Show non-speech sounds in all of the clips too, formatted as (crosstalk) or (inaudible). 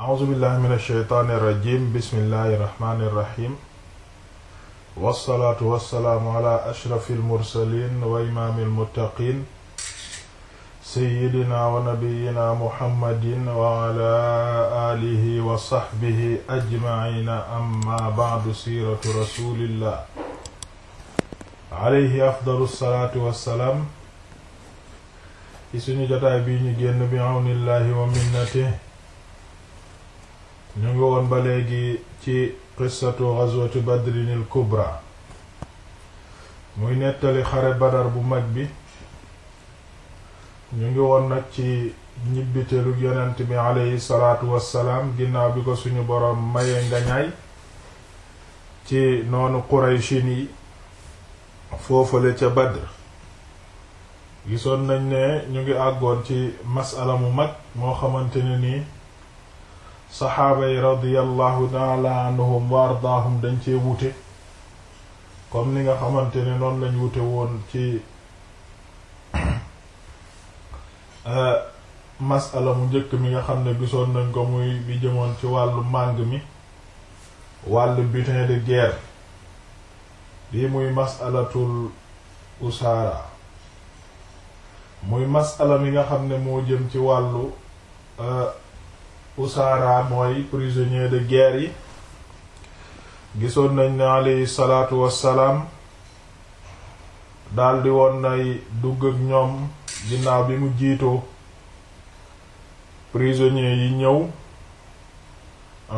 auzubillahi min alsheytaani irrajim bismillahi irrahmani irrahim wassalaatu wassalaamu ala ashrafi almursalin wa imaami almuttaqin seyidina wa nabiyina muhammadin wa ala alihi wa saxbihi ajmaina amma baadu siiratu rasulillah alayhi afdalu salaatu wassalaam ci suñu jotaay bi ñu génn bi awnillahi wa minnatihi ñu ngi woon ba léegi ci qissatu ghazwati badrin al kubra muy nettali xare badar bu mag bi ñu ngi woon nag ci ñibbiteelu yonent bi aleyhi wassalaam ginnaaw bi ko suñu boroom maye ngañaay ci noonu qurayshin yi foofale ca badr gisoon nañ ne ñu ngi àggoon ci masala mu mag moo xamante ni nii saxaaba yi radiyallahu taala anhum wa ardaahum dañ cee wute comme ni nga xamante ne noonu lañ wute woon ci (coughs) euh, masala mu njëkk mi nga xam ne gisoon nañ ko muy bi jëmoon ci wàllu màng mi wàllu butin de guerre lii muy masalatul usaara muy masala mi nga xam ne moo jëm ci wàllu euh, usaara mooy prisonnier de guerre gisoon nañ ne aleyhi salaatu wassalaam daldi woon nay dugg ak ñoom ginnaaw bi mu jiitoo prisonnier yi ñëw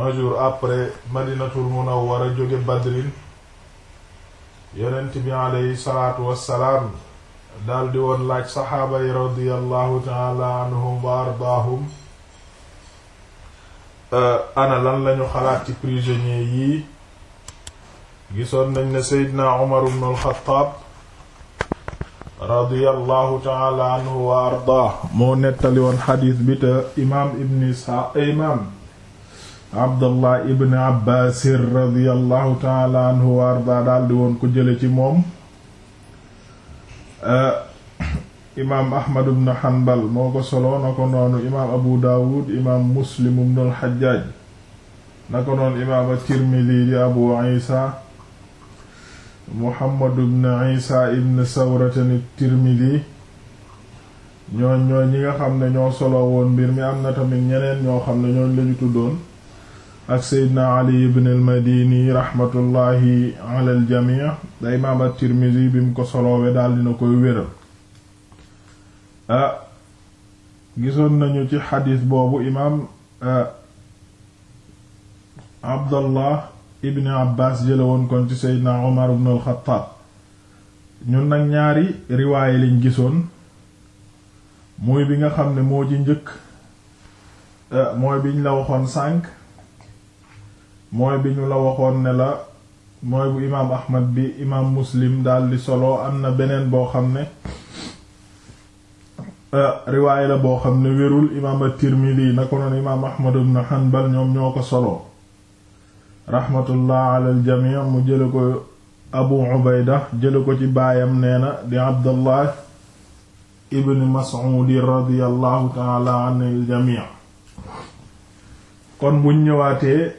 un jour après madinatul munawwara jóge badrin yonent bi aleyhi salaatu wassalaam daldi woon laaj saxaaba yi radiyallahu taala anhum wa ardaahum Euh, ana lan lañu xalaat ci prisonniers yi gisoon nañ ne Seydina Umar ibn al-Khattab radiyallahu taala anhu wa ardaa moo nettali woon xadiis bi te imaam ibn Isxaaq imaam Abdallah ibn Abbaas radiyallahu taala anhu wa ardaa daldi woon ko jële ci moom euh, imaam ahmad ibn hanbal moo ko soloo na ko noonu imaam abu daawud imaam muslim ibn al-hajjaj na ko noonu imaam at-tirmidhi di abu isa muhammad ibn isa ibn sawratan at-tirmidhi ñoo ñi nga xam ne ñoo soloo woon mbir mi am na tamit ñeneen ñoo xam ne ñooñ lañu tuddoon ak seydna ali ibn al-madini rahmatullahi ala al da imaam at-tirmidhi bi mu ko soloowe daal dina koy wéral ah gisoon nañu ci xadiis boobu imaam ah, abdallah ibni abbas jëlewoon woon kon ci seydna omar ibn alxataab ñun nag ñaari riwaaye liñ gisoon muy bi nga xam ne moo ci njëkk ah, mooy biñ la waxoon sànk mooy bi ñu la waxoon ne la mooy bu imaam ahmad bi imaam muslim daldi solo am na beneen boo xam ne Eh, riwaay la boo xam ne wérul imaam at-Tirmidi na ko noon imaam Ahmad ibn Hanbal ñoom ñoo ko soloo raxmatullah ala al-jamii mu jële ko Abu Ubayda jële ko ci baayam nee na di Abdallah ibn Mas'ud radiyallahu taala an al-jamii kon buñ ñëwaatee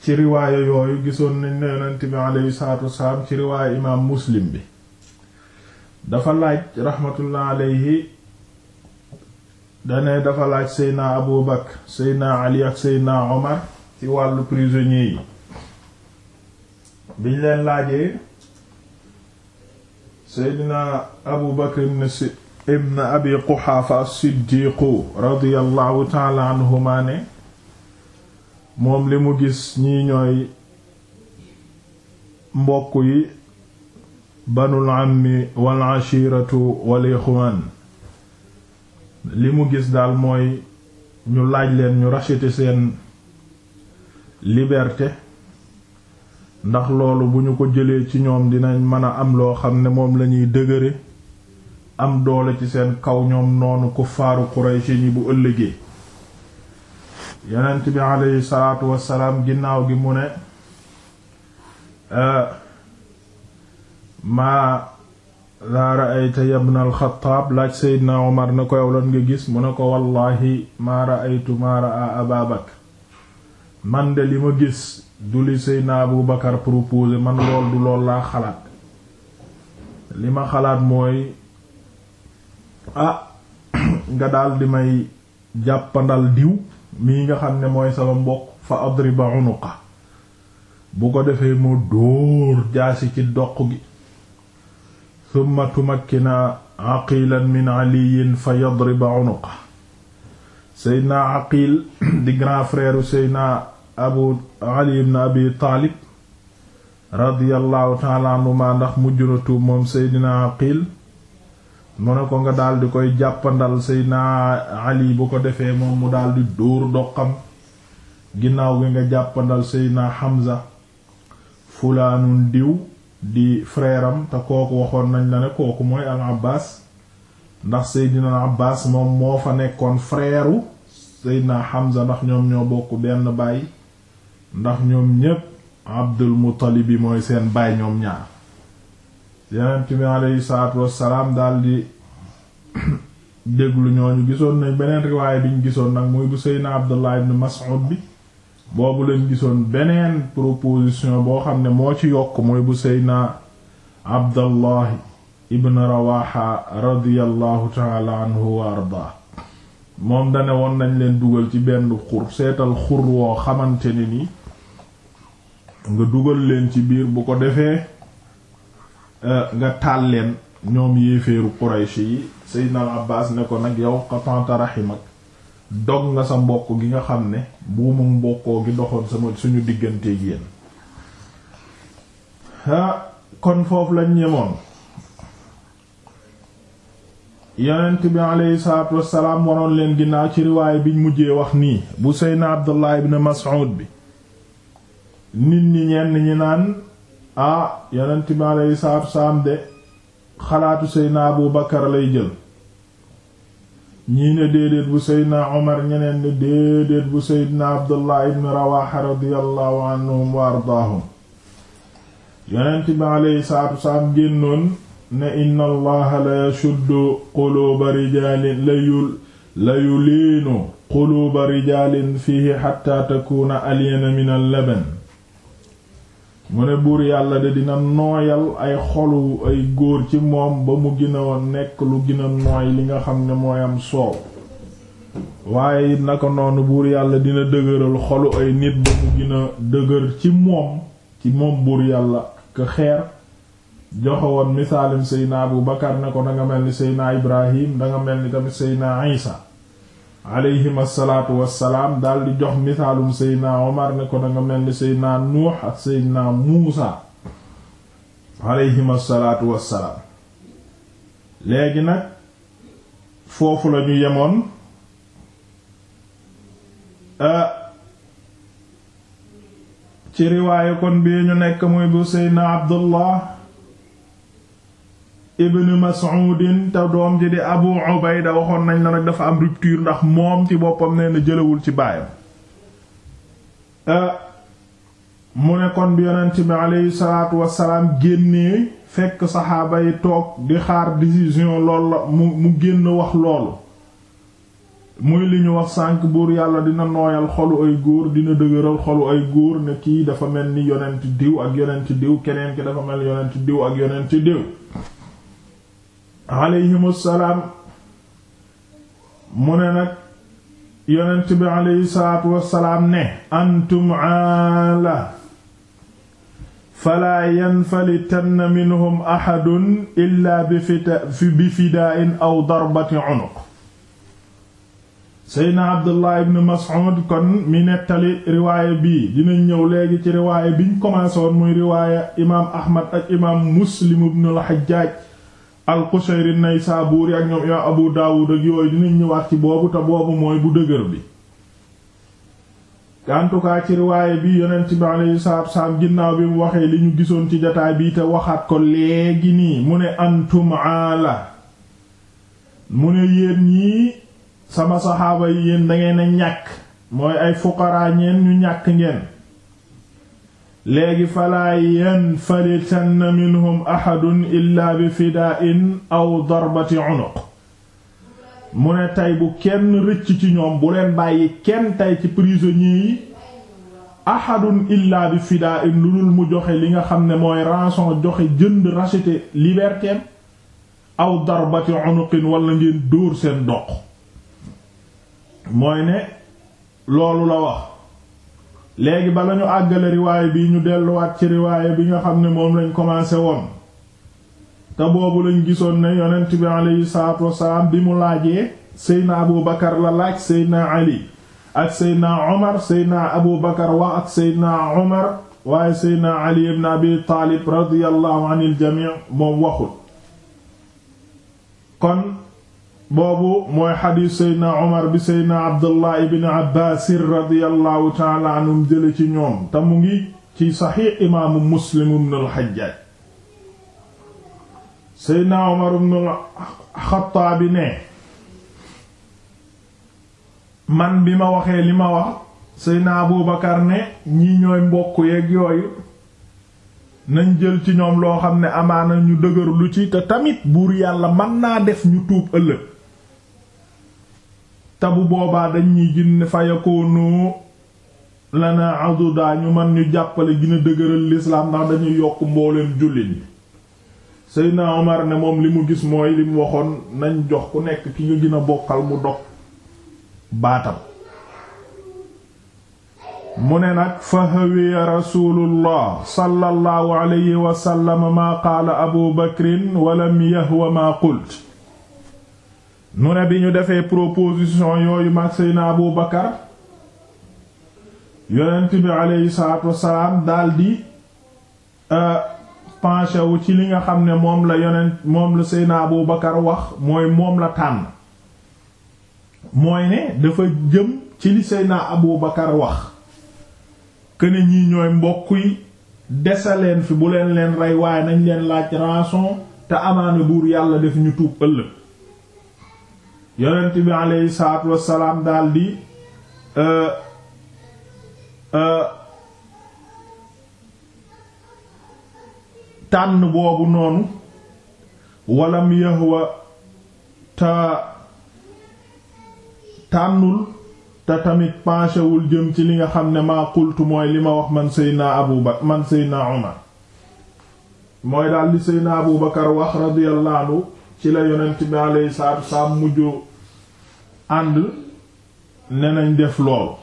ci riwaaye yooyu gisoon nañ ne yonent bi alayhi salaatu wasalaam ci riwaaye imaam Muslim bi dafa laaj raxmatullah alayhi dane dafa seydna abu bakr seydna ali seydna omar ci wàllu prisonniers yi biñ leen laajee seydna abu bakr ibn abi quxaafa as-siddiqu radiyallahu taala ne moom li mu gis ñii ñooy mbokk yi banul ammi wal ashiratu wal ixwaan li mu gis daal mooy ñu laaj leen ñu racheter seen liberté ndax loolu bu ñu ko jëlee ci ñoom dinañ mën a am loo xam ne moom lañuy dëgëre am doole ci seen kaw ñoom noonu kuffaaru Quraysh ñi bu ëllëgee yonent bi aleyhi salaatu wassalaam ginnaaw gi mu ne maa laa ra'ayta yabna alxataab laaj seydna omar ne koy yow nga gis mu ne ko wallaahi maa ra'aytu maa ra'a aba man de li ma gis du li seydna abu bakar proposé man lool du lool laa xalaat li ma xalaat mooy ah (clears throat) nga daal di may jàppandal diw mii nga xam ne mooy sama mbokk fa adriba unuqa bu ko defee moo dóor jaasi ci doq gi summa tumakkina aqilan min aliyin fa yadriba unuqa seydna aqil (clears throat) di grand frère seydna abu ali ibn abi taalib radiyallahu taala anhuma ndax mujj na moom seydna aqil mu ne ko nga daldi koy jàppandal seydna ali bu ko defee moom mu daldi dóor doqam ginnaaw gi nga jàppandal seydna hamza fulaanun diw di frère te kooku waxoon nañ la ne kooku mooy al abbas ndax seydina al abbas moom moo fa nekkoon frère u seydina Hamza ndax ñoom ñoo bokk benn baay ndax ñoom ñépp abdul muttalib bi mooy seen baay ñoom ñaar yonent bi aleyhi salaatu wassalaam daldi déglu ñooñu gisoon nañ beneen riwaaya bi ñu gisoon nag muy bu seydina abdullah ibn bi boobu lañ gisoon beneen proposition boo xam ne moo ci yokk mooy bu seydna abdallahi ibn rawaxa radiallahu taala anhu wa arda moom dane woon nañ leen dugal ci benn xur seetal xur woo xamante ne ni nga dugal leen ci biir bu ko defee euh, nga taal leen ñoom yéeféeru quraysh yi seydna al abbas ne ko nag yow qatanta rahimak dog nga sa mbokk gi nga xam ne buumu mbokkoo gi doxoon sama suñu diggante gi yéen ha kon foofu lañ ñemoon yonent bi aleyhi salaatu wassalaam waroon leen ginnaaw ci riwaay biñ mujjee wax nii bu seyna Abdullah ibn Mas'ud bi nit ñi ñenn ñi naan ah yonent bi aleyhi salaatu wassalaam de xalaatu seyna Abu Bakar lay jël ñii ne déedéet bu seydna omar ñeneen ne déedéet bu seydna abdullah ibn rawaxa radiyallahu anhum wa ardaahum yonent bi aleyhi salaatu wasalaam génnoon ne inna allaha la yashuddu quluuba rijaalin layul la yuliinu quluuba rijaalin fiihi xatta takuuna alyana min al laban mu ne buur yàlla de dina nooyal ay xolu ay góor ci moom ba mu gën a nekk lu gën nooy li nga xam ne mooy am soow waaye naka noonu buur yàlla dina dëgëral xolu ay nit ba mu gën dëgër ci moom ci moom buur yàlla ka xeer joxe woon misaalim Seydina bu bakkan na ko danga mel ni Seydina Ibrahim danga mel ni tamit Seydina Isa alayhim assalaatu wassalaam daal di jox misaalum seydna omar ne ko danga mel ni seydna nuux ak seydna muusa alayhim assalaatu wassalaam léegi nag foofu lañu yemoon euh, ci riwaaye kon bii ñu nekk muy bu seydna abdullah ibn Mas'ud te doom ji di Abu Ubayda waxoon nañ la nag dafa am rupture ndax moom ci boppam nee na jëlawul ci baayam euh, mu ne kon bi yonent bi aleyhi wasalaam génnee fekk saxaaba yi toog di xaar décision lool la mu mu génn wax loolu muy li ñu wax sànk buur yàlla dina nooyal xolu ay góor dina dëgëral xolu ay góor ne kii dafa mel ni yonent diw ak yonent diw keneen ki dafa mel yonent diw ak yonent diw alayhimu salaam mu ne nag yonent bi alayhi salaatu wassalaam ne antum aala falaa yanfalitanna minhum ahadun illaa bi fidaa'in aw darbati unuq seydna abdullah ibn mas'ud kon mi nettali riwaaya bii dinañ ñëw léegi ci riwaaya biñ commencé woon muy riwaaya imaam ahmad ak imaam muslim ibn al al-Qushayri an-Naysaburi ñoom imaam Abu Dawud ak yooyu dinañ ñëwaat ci boobu te boobu mooy bu dëgër bi en tout cas ci riwaaye bi yeneen ci bi yu salaatu wassalaam ginnaaw bi mu waxee li ñu gisoon ci jataay bi te waxaat ko léegi nii mu ne antum ala mu ne yéen ñii sama saxaaba yi yéen da ngeen ñàkk mooy ay fuqara ñu ñàkk ngeen léegi falaa yanfalitanna minhum ahadun illaa bi fidaa'in aw darbati unuq mu ne tey bu kenn rëcc ci ñoom bu leen bàyyi kenn tey ci prisonniers yi ahadun illaa bi fidaa'in lu dul mu joxe li nga xam ne mooy rançon joxe jënd racheter liberté aw darbati unuqin wala ngeen dóor seen doq mooy ne loolu la wax léegi bala ñu àggale riwaay bi ñu delluwaat ci riwaay bi nga xam ne moom lañu commencé woon te boobu lañu gisoon na yonent bi aleyhi salaatu wasalaam bi mu laajee seydna abu bakar la laaj seydna ali ak seydna omar seydna abu bakar wax ak seydna omar waaye seydna ali ibn abi taalib radiyallahu anil jamii moom waxul boobu mooy xadiis seydna Omar bi seydna Abdullah ibn Abbaas radiyallahu jële ci ñoom te mu ngi ci saxiix imaamu Muslim ibn al-Hajjaaj seydna Omar ibn al ne man bi ma waxee li ma wax seydna Abu ne ñii ñooy mbokk yeeg yooyu nañ jël ci ñoom loo xam ne amaana ñu dëgër lu ci te tamit buur yàlla man naa def ñu tuub ëllëg tabu bu boobaa dañ ñuy gën fa yakoonu lana aduda ñu man ñu jàppale gën a dëgëral lislaam ndax dañuy yokk mbooleen jullit ñi Seydina Omar ne moom li mu gis mooy li mu waxoon nañ jox ku nekk ki nga gën bokkal mu dog baatam mu ne nag fa hawiya rasulullah sallallahu alayhi wa sallam maa abu bakrin walam yahwa maa qult mu ne bi ñu defee proposition yooyu marsey Seydina Abu Bakar yonent bi aleyhi salaatu wassalaam daldi euh, penché wu ci li nga xam ne moom la yonent moom la Seydina Abu Bakar wax mooy moom la tànn mooy ne dafa jëm ci li Seydina Abu Bakar wax këne ñii ñooy mbokk yi desa fi bu leen leen rey waaye nañ leen laaj rançon te amaana buur yàlla def ñu tuub ëllëg yonent bi aleyhi salaatu daal di euh, euh, tànn boobu noonu walam yahwa ta tànnul te tamit penchewul jëm ci li nga xam ne maa qultu mooy li ma wax man seydna abu bakar man seydna umar mooy daal li seydna abu bakar wax radiyallahu ci la yonent bi aleyhi salaatu wassalaam ànd ne nañ def loolu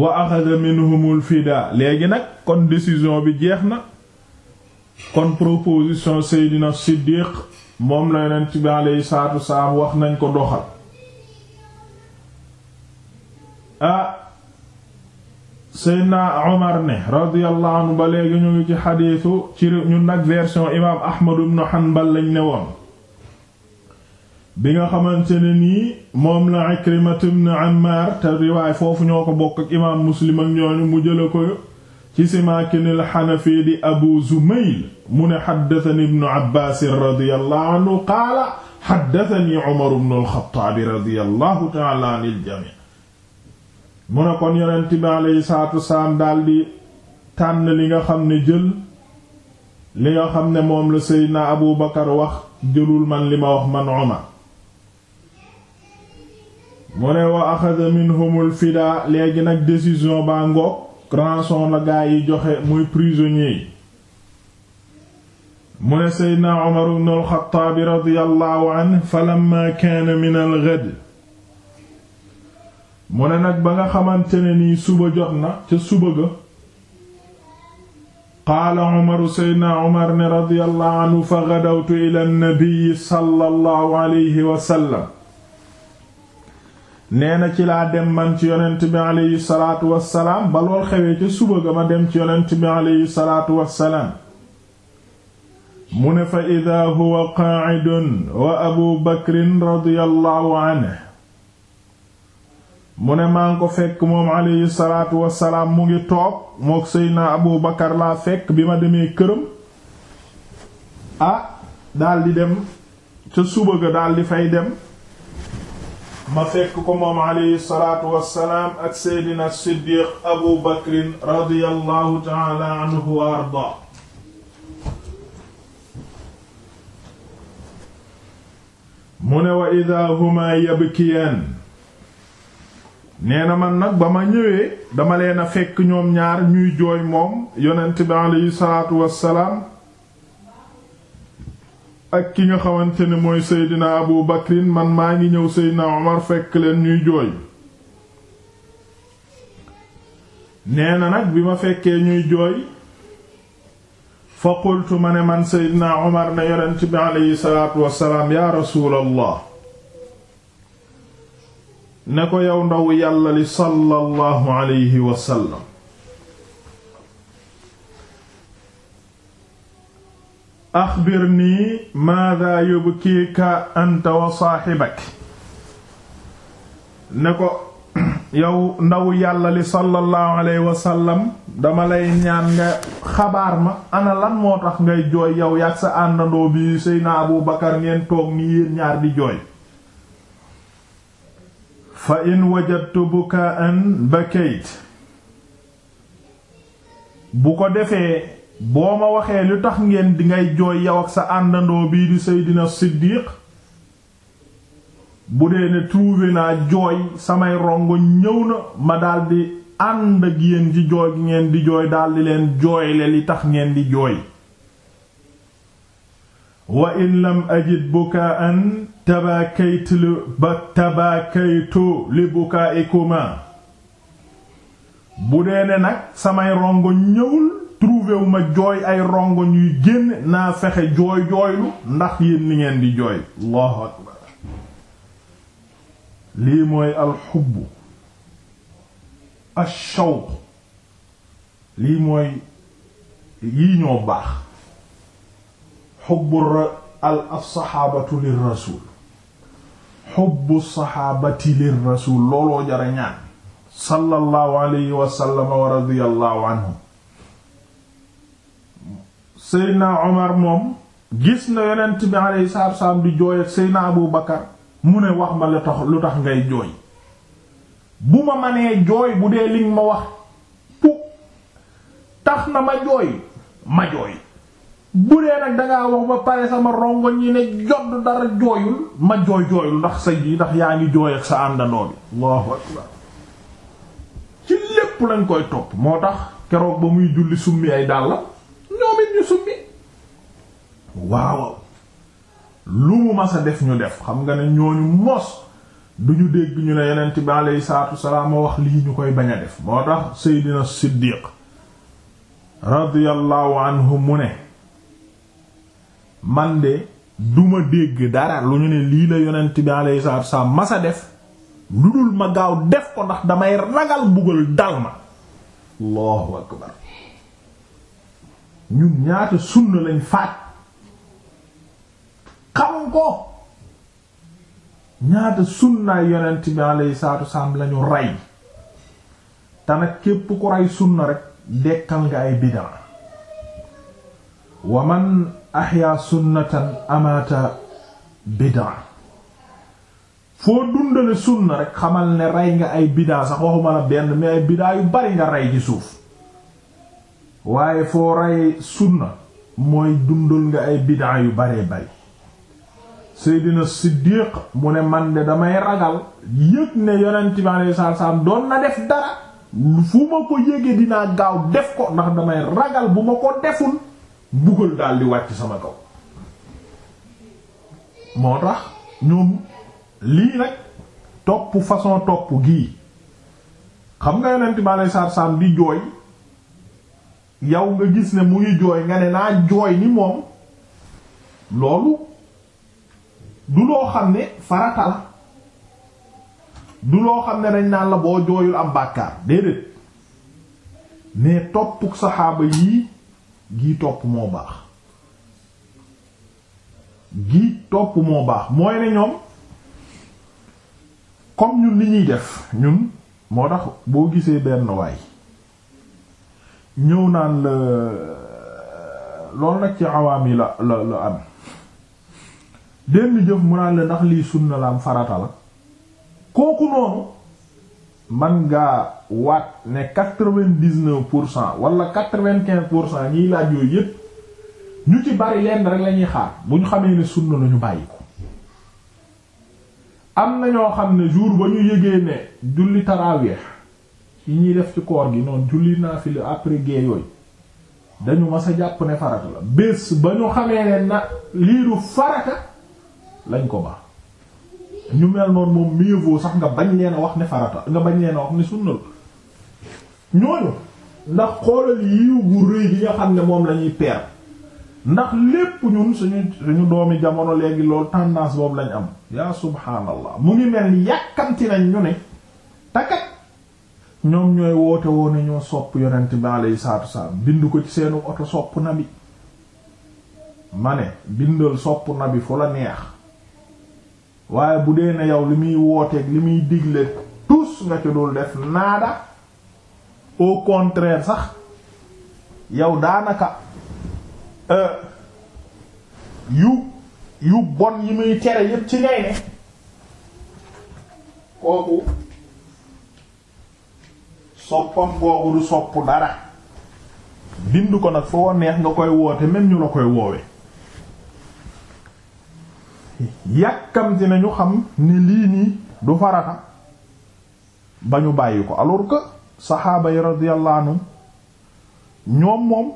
wa axada minhumul fida léegi nag kon décision bi jeex na kon proposition Seydina Siddiq moom la yonent bi alayhi salaatu saa wax nañ ko doxal ah Seydina Omar ne radiyallahu anhu ba léegi ñu ngi ci xadiisu ci ñun nag version imaam Ahmad ibn Hanbal lañ ne woon bi nga xamante ne nii moom la Ikrimat ibn Ammar te riwaay foofu ñoo ko bokk ak imaam Muslim ak ñooñu mu jëla ko ci Simaakin al-Hanafi di Abu Zumayl mu ne haddathani ibn Abbaas radiyallahu anhu qaala haddathani Umar ibn al-Khattaab radiyallahu mu ne kon yonent bi alayhi salaatu daldi tànn li nga xam ne jël li nga xam ne moom la Seydina Abu Bakar wax jëlul man li ma wax man Umar mu ne wa axada minhumul fida léegi nag décision baa ngoog rançon la gaa yi joxe muy prisonnier yi mu ne seydna Umar ibn al-Xattaab radiyallahu anhu falamma min al-ghad mu ne nag ba nga xamante ne nii suba jot na ca suba ga qaala Umar seydna Umar ne radiyallahu anhu fa ghadawtu ila an sallallahu alayhi wa nee na ci laa dem man ci yonent bi aleyhi salaatu wassalaam ba lool xewee ca suba ga ma dem ci yonent bi aleyhi salaatu wassalaam mu ne fa ida huwa qaacidun wa abu bakrin radiyallahu anhu mu ne maa ngi ko fekk moom mu ngi toog mook seydna abu bakar laa fekk bi ma demee këram ah daldi dem ca suba ga daldi fay dem ma fekk ko moom alayhi ak seydina siddiq abu bakrin radiyallahu taala wa arda mu ne wa ida nee na man nag ba ma ñëwee dama leen a fekk ñoom ñaar ñuy jooy moom yonent bi alayhi salaatu wassalaam ak ki nga xawante ni mooy seydina abu bakrin man maa ngi ñëw seydina omar fekk leen ñuy jooy nee na nag bi ma fekkee ñuy jooy fa qultu ma ne man seydina omar ne yonent bi aleyhi salaatu wassalaam yaa rasuulallah ne ko yow ndaw yàlla li sallallahu aleyhi wasallam axbirnii maadaa yubkiika anta wa saaxibak ne ko (clears throat) yow ndaw yàlla li sallallahu alayhi wasallam dama lay ñaan nga xabaar ma ana lan moo tax ngay jooy yow yàgg sa àndandoo bi Seydina Abu Bakar ngeen toog ni yéen ñaar di jooy fa in wajadtu bukaan bakayt bu ko defee boo ma waxee lu tax ngeen dingay ngay jooy yow ak sa àndandoo bii di Seydina Siddiq bu dee ne trouvé naa jooy samay rongo ñëw na ma daldi ànd ak yéen ci jooy gi ngeen di jooy daldi leen jooyle li tax ngeen di jooy wa in lam ajid bukaan tabaakaytu li ba tabaakaytu li bu dee ne nag samay rongo ñëwul trouvé wu ma jooy ay rongoñ yuy génn naa fexe jooy jooylu ndax yéen li ngeen di jooy lii mooy alxubbu ashawq lii mooy yii ñoo baax xubbu al saxaabatu lir rasul xubbu saxaabati lir rasul looloo jara ñaan sallallahu alayhi wa sallam wa radiyallahu anhu Seydina Omar moom gis na yonent bi alayhi salaatu wa salaam di jooy ak Seydina Abu Bakar mu ne wax ma la tax lu tax ngay jooy bu ma manee jooy bu dee liñ ma wax pu tax na ma jooy ma jooy bu dee nag dangaa wax ba pare sama rongo ñi ne jot dara jooyul ma jooy jooyul ndax sa ji ndax yaa ngi jooy ak sa àndandoo bi ci lépp lañ koy topp moo tax keroog ba muy julli summi ay dàll waaw lu mu mas def ñu def xam nga ne ñooñu mos duñu dégg ñu ne yonent bi aleyhi wax lii ñu koy bañ a def moo tax duma dégg dara lu ñu ne lii la yonent bi aleyhi salaatu wasalaam def lu dul ma gaaw def ko ndax damay ragal buggal dal ma allahu ñun ñaata sunna lañ faat xam ko ñaata sunnaay yonent bi alayhi salaatu wassalaam lañu rey te képp ku ray sunna rekk dekkal nga ay bid'a wa man ahya sunnatan amaata bid'a foo dundale sunna rek xamal ne ray nga ay bid'a sax waxuma la benn mais ay bid'a yu bari nga ray ci suuf waaye foo rey sunna mooy dundal nga ay bid'a yu baree bari Seydina Siddiq mu ne man de damay ragal yëg ne yonent bi alayhi salaam doon na def dara fu ma ko yéege dinaa gaaw def ko ndax damay ragal bu ma ko deful mbugal daal di wàcc sama kaw moo tax ñoom lii nag topp façon topp gii xam nga yonent bi alayhi salaam di jooy yow nga gis ne muy jooy nga ne naa jooy ni moom loolu du loo xam ne farata la du loo xam ne dañ naan la boo jooyul am bàkkaar déedéet mais toppuk saxaaba yii gii topp moo baax gii topp moo baax mooy ne ñoom comme ñun li ñuy def ñun moo tax boo gisee benn waay ñëw naan la loolu nag ci awaam yi la la la am benn jëf mu naan la ndax lii sunna la am farata la kooku noonu man ngaa waat ne quatre-vingt-dix-neuf pour cent wala quatre vingt pour cent ñiy laaj yooyu yépp ñu ci bari lenn rek la ñuy xaar bu ñu xamee ne sunna la ñu bàyyi am na ñoo xam ne jour ba ñu yëgee ne julli taraaweex yi ñuy def ci koor gi noonu julli naa fi la après gée yooyu dañu mas a jàpp ne farata la bés ba ñu xamee ne na lii du farata lañ ko baax ñu mel noonu moom mieux sax nga bañ leen wax ne farata nga bañ leen a wax ne sunna la ñooñu ndax xoolal yiw gu rëy gi nga xam ne moom lañuy ñuy peer ndax lépp ñun suñu suñu doomi jamono léegi loolu tendance boobu lañ am yaa subhaanallah mu ngi mel ni yàkkamti nañ ñu ne takat ñoom ñooy woote woo ne ñoo sopp yonent bi alayhi saatu wassalaam bind ko ci seenu oto sopp na bi ma ne bindal sopp na bi fu la neex waaye bu dee ne yow li muy wooteeg li muy digle tus nga ci dul def naada au contraire sax yow daanaka euh, yu yu bon yi muy tere yépp ci ngay ne kooku soppam boobu du sopp dara bind ko nag foo neex nga koy woote même ñu la koy woowe yàkkamti nañu xam ne lii nii du farata ba ñu bàyyi ko alors que saxaaba yi radiyallahu ñoom moom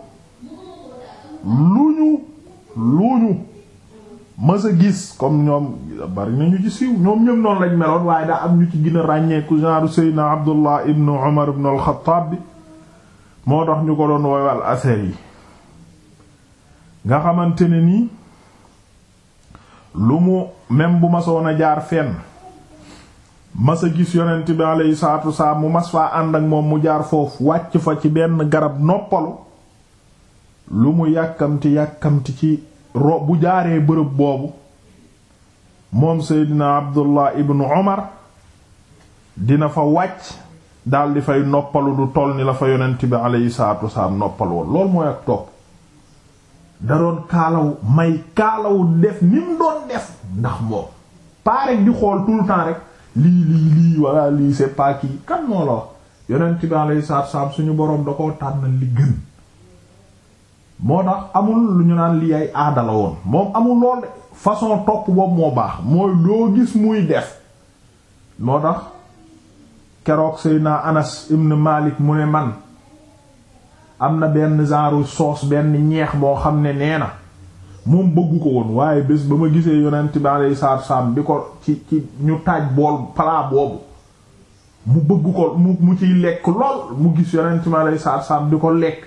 lu ñu lu ñu mës gis comme ñoom bari nañu ci siiw ñoom ñoom noonu lañ meloon waaye daa am ñu ci gën a ràññeeku genre Seydina Abdullah ibn Umar ibn al bi moo tax ñu ko doon woowal asar yi nga xamante ne nii lu mu même bu masoon a jaar fenn mas a gis yonent bi alayhi salaatu mu mas faa ànd ak moom mu jaar foofu wàcc fa ci benn garab noppalu lu mu yàkkamti yàkkamti ci ro bu jaaree bërëb boobu moom seydina abdullah ibnu omar dina fa wàcc daldi fay noppalu du toll ni la fa yonent bi alayhi salaatu woon loolu mooy ak topp da doon kaalawu may kaalawu def ni mu doon def ndax moom pas rek di xool tout le temps rek lii lii lii walla lii c'est kan moo la wax yonent bi alayhi salaatu wassalaam suñu boroom da koo tànnal li gën moo tax amul lu ñu naan lii ay aada woon moom amul lool façon topp boobu moo baax mooy loo gis muy def moo tax keroog Seydina Anas ibn Malik mu ne man am na benn genre soos benn ñeex moo xam ne nee na moom bëgg ko woon waaye bés ba ma gisee yonent bi alayhi salaatu bi ko ci ci ñu taaj bool palaa boobu mu bëgg ko mu mu ciy lekk lool mu gis yonent bi alayhi salaatu di ko lekk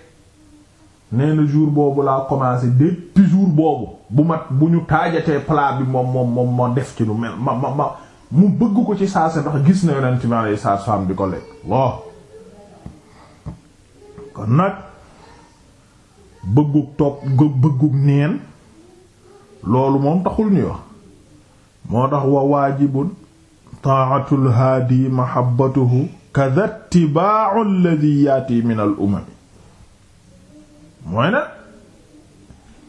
nee na jour boobu laa commencé depuis jour boobu bu mat bu ñu taajatee palaa bi moom moom moom moo def ci lu mel ma ma mu bëgg ko ci saase ndax gis na yonent bi alayhi salaatu salaam di ko lekk kon nag bëggug topp bëggug neen loolu moom taxul ñuy wax moo tax wa waajibun taatul haadi mahabbatuhu kada tibau alladi yaati min al umami mooy na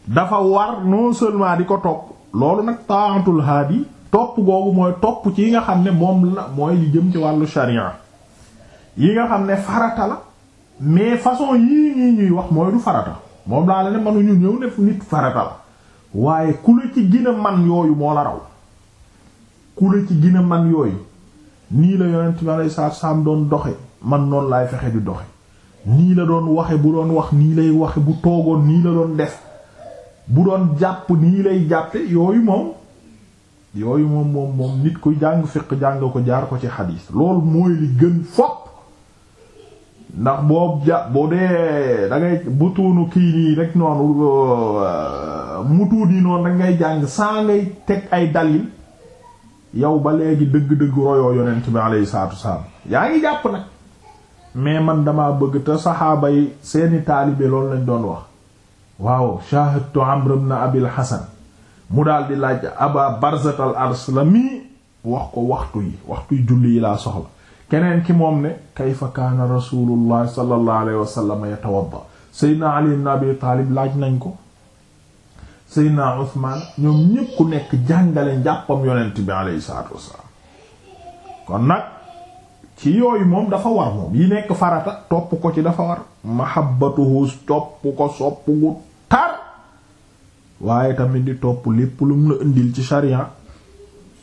dafa war non seulement di ko topp loolu nag taatul haadi topp googu mooy topp ci yi nga xam ne moom la mooy jëm ci wàllu sharia yi nga xam ne farata la mais façon yii ñii ñuy wax mooy du farata moom laa la ne mënuñu ñëw def nit farata la waaye ku ci gën man yooyu moo la raw ku ci gina man yooyu nii la yonent bi alayhi salaatu salaam doon doxe man noonu laay fexe di doxe nii la doon waxe bu doon wax nii lay waxe bu toogoon nii la doon def bu doon jàpp nii lay jàppe yooyu moom yooyu moom moom nit ku jàng fiq jàng ko jaar ko ci xadiis loolu mooy li gën fopp ndax boo ja boo dee dangay ngay butuunu kii nii rek noonu euh, mutuun yi noonu rek ngay jàng saa ngay teg ay dalil yow ba léegi dëgg-dëgg royoo yonent bi alayhi salaatu wasalaam yaa ngi jàpp nag mais man dama bëgg te saxaaba yi seeni taalibe loolu lañ doon wax waaw shahadtu Amr ibn Abil Hasan mu dal di laaj Aba Barzat al-Aslami wax ko waxtu yi waxtu julli yi laa soxla keneen ki moom ne kayfa kaana rasulullah sallallahu alayhi wa sallam yatawadda ali ibn abi laaj nañ ko seydna uthman ñoom ñépp ku nekk jàngale njàppam yonent bi alayhi salaatu kon nag ci yooyu moom dafa war moom yi nekk farata topp ko ci dafa war mahabbatuhu topp ko sopp gu tar waaye tamit di topp lépp lu mu la indil ci sharia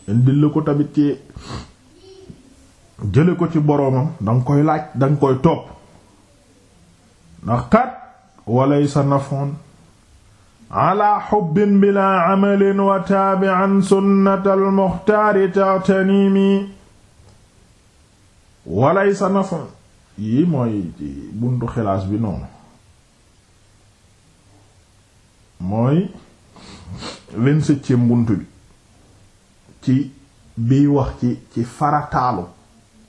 indil la ko tamit ci jële ko ci boroomam danga koy laaj danga koy topp ndax kat walaysa nafon ala xubbin bila amalin wa taabi an sunnata almuxtaari tatanimi walaysa nafon yi mooy ci buntu xilaas bi noonu mooy vingt-septième buntu bi ci biy wax ci ci farataalu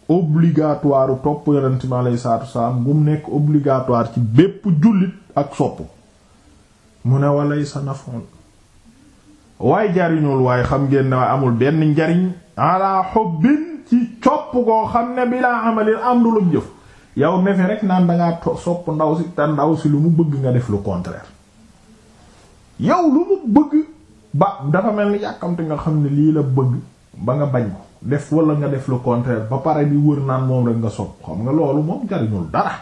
obligatoire topp yonent mi alayhi salaatu wasalaam bu mu nekk obligatoire ci bépp jullit ak sopp mu ne walay sa nafoon waaye jariñul waaye xam ngeen waaye amul benn njariñ ala xobbin ci copp koo xam ne bi laa amalil am lu jëf yow ne fi rek naan dangaa sopp ndaw si te ndaw si lu mu bëgg nga def lu contraire yow lu mu bëgg ba dafa mel ni yàkkamte nga xam ne lii la bëgg ba nga bañ ko def wala nga def le contraire ba pare bi wër naan moom rek nga sopp xam nga loolu moom jariñul dara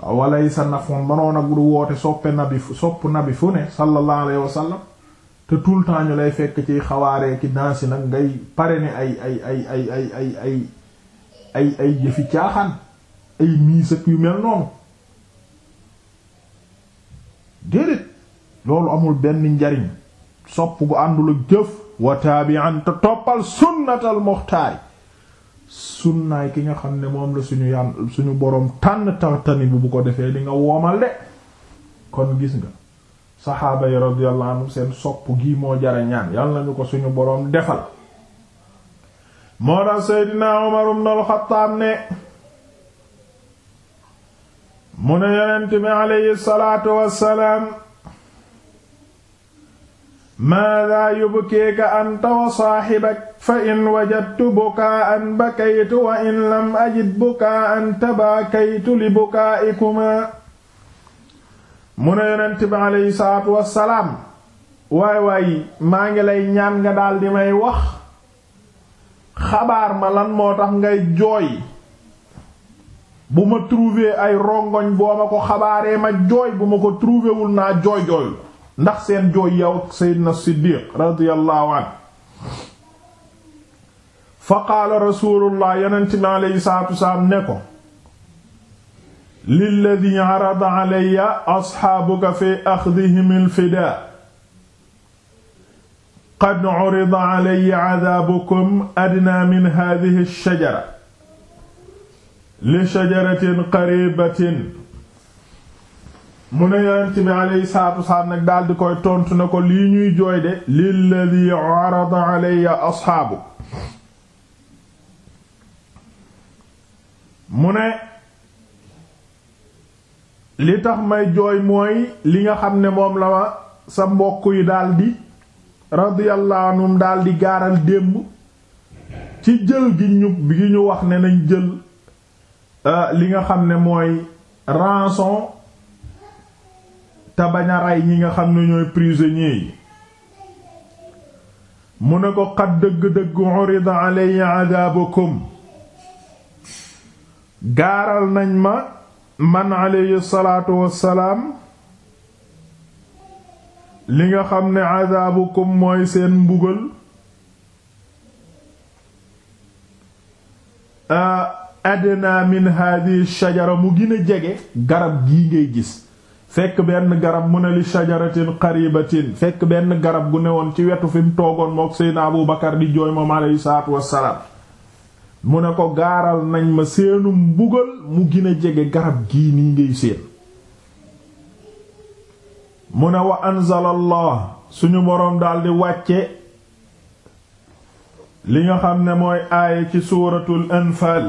walay sa nafoon manoon ak du woote soppe nabi sopp nabi fu ne sallallahu alayhi wa te tout le temps ñu lay fekk ci xawaaree ki dansi nag ngay pare ne ay ay ay ay ay ay jëfi caaxaan ay miis ak yu mel noonu déedéet loolu amul benn njariñ sopp gu àndul ak jëf wa taabi'an te toppal sunnatal muxtaari sunnaay ki nga xam ne moom la suñu yàn suñu boroom tànn tartani bu bu ko defee li nga woomal de kon gis nga saxaaba yi radiyallahu anhum seen sopp gi moo jara ñaan yàlla nañu ko suñu boroom defal moo tax Seydina Umar ibn al-Khattab ne mu ne yonent bi alayhi salaatu wassalaam maadaa yubkeeka anta wa saaxibak fa in wajadtu bukaa'an bakaytu wa in lam ajid bukaa'an tabaakaytu li bukaaikumaa mu ne yonent bi aleyhi salaatu wassalaam waay waay maa ngi lay ñaan nga daal di may wax xabaar ma lan moo tax ngay jooy bu ma trouver ay rongoñ boo ma ko xabaaree ma jooy bu ma ko trouverwul naa jooy jooy ndax seen jooy yow ak seydina siddiq radiyallahu an fa qaala rasulullah yonent mi aleyhi salaatu wasalaam ne ko lilladi arada aleyya asxaabuka fi axdihim alfidaa qad urida aleyya cadaabukum adnaa min haadihi alshajara li shajaratin qaribatin mu ne yonent bi alayhi koy tontu ne ko lii ñuy jooy de lilladi arada mu ne li tax may jooy mooy li nga xam ne moom la sa mbokk yi daldi radiyallahu anhum daldi gaaral démb ci jël gi ñu gi ñu wax ne nañ jël euh, li nga xam ne mooy rançon te bañ a rey ñi nga xam ne ñooy mu ne ko xat dëgg-dëgg urida alayya adabukum gaaral nañ ma man alayhi salaatu wassalaam li nga xam ne adabukum mooy seen mbugal adna min hadihi shajara mu gën a jege garab gii ngay gis fekk benn garab mu ne li shajaratin qaribatin fekk benn garab gu newoon ci wetu fi mu toogoon mook seydna abu bakar di jooy moom aleyhi salaatu wassalaam mu ne ko gaaral nañ ma seenu mbugal mu gën a jege garab gii nii ngay seen mu ne wa anzalallah suñu boroom daldi wàcce li nga xam ne mooy aaya ci suuratul anfaal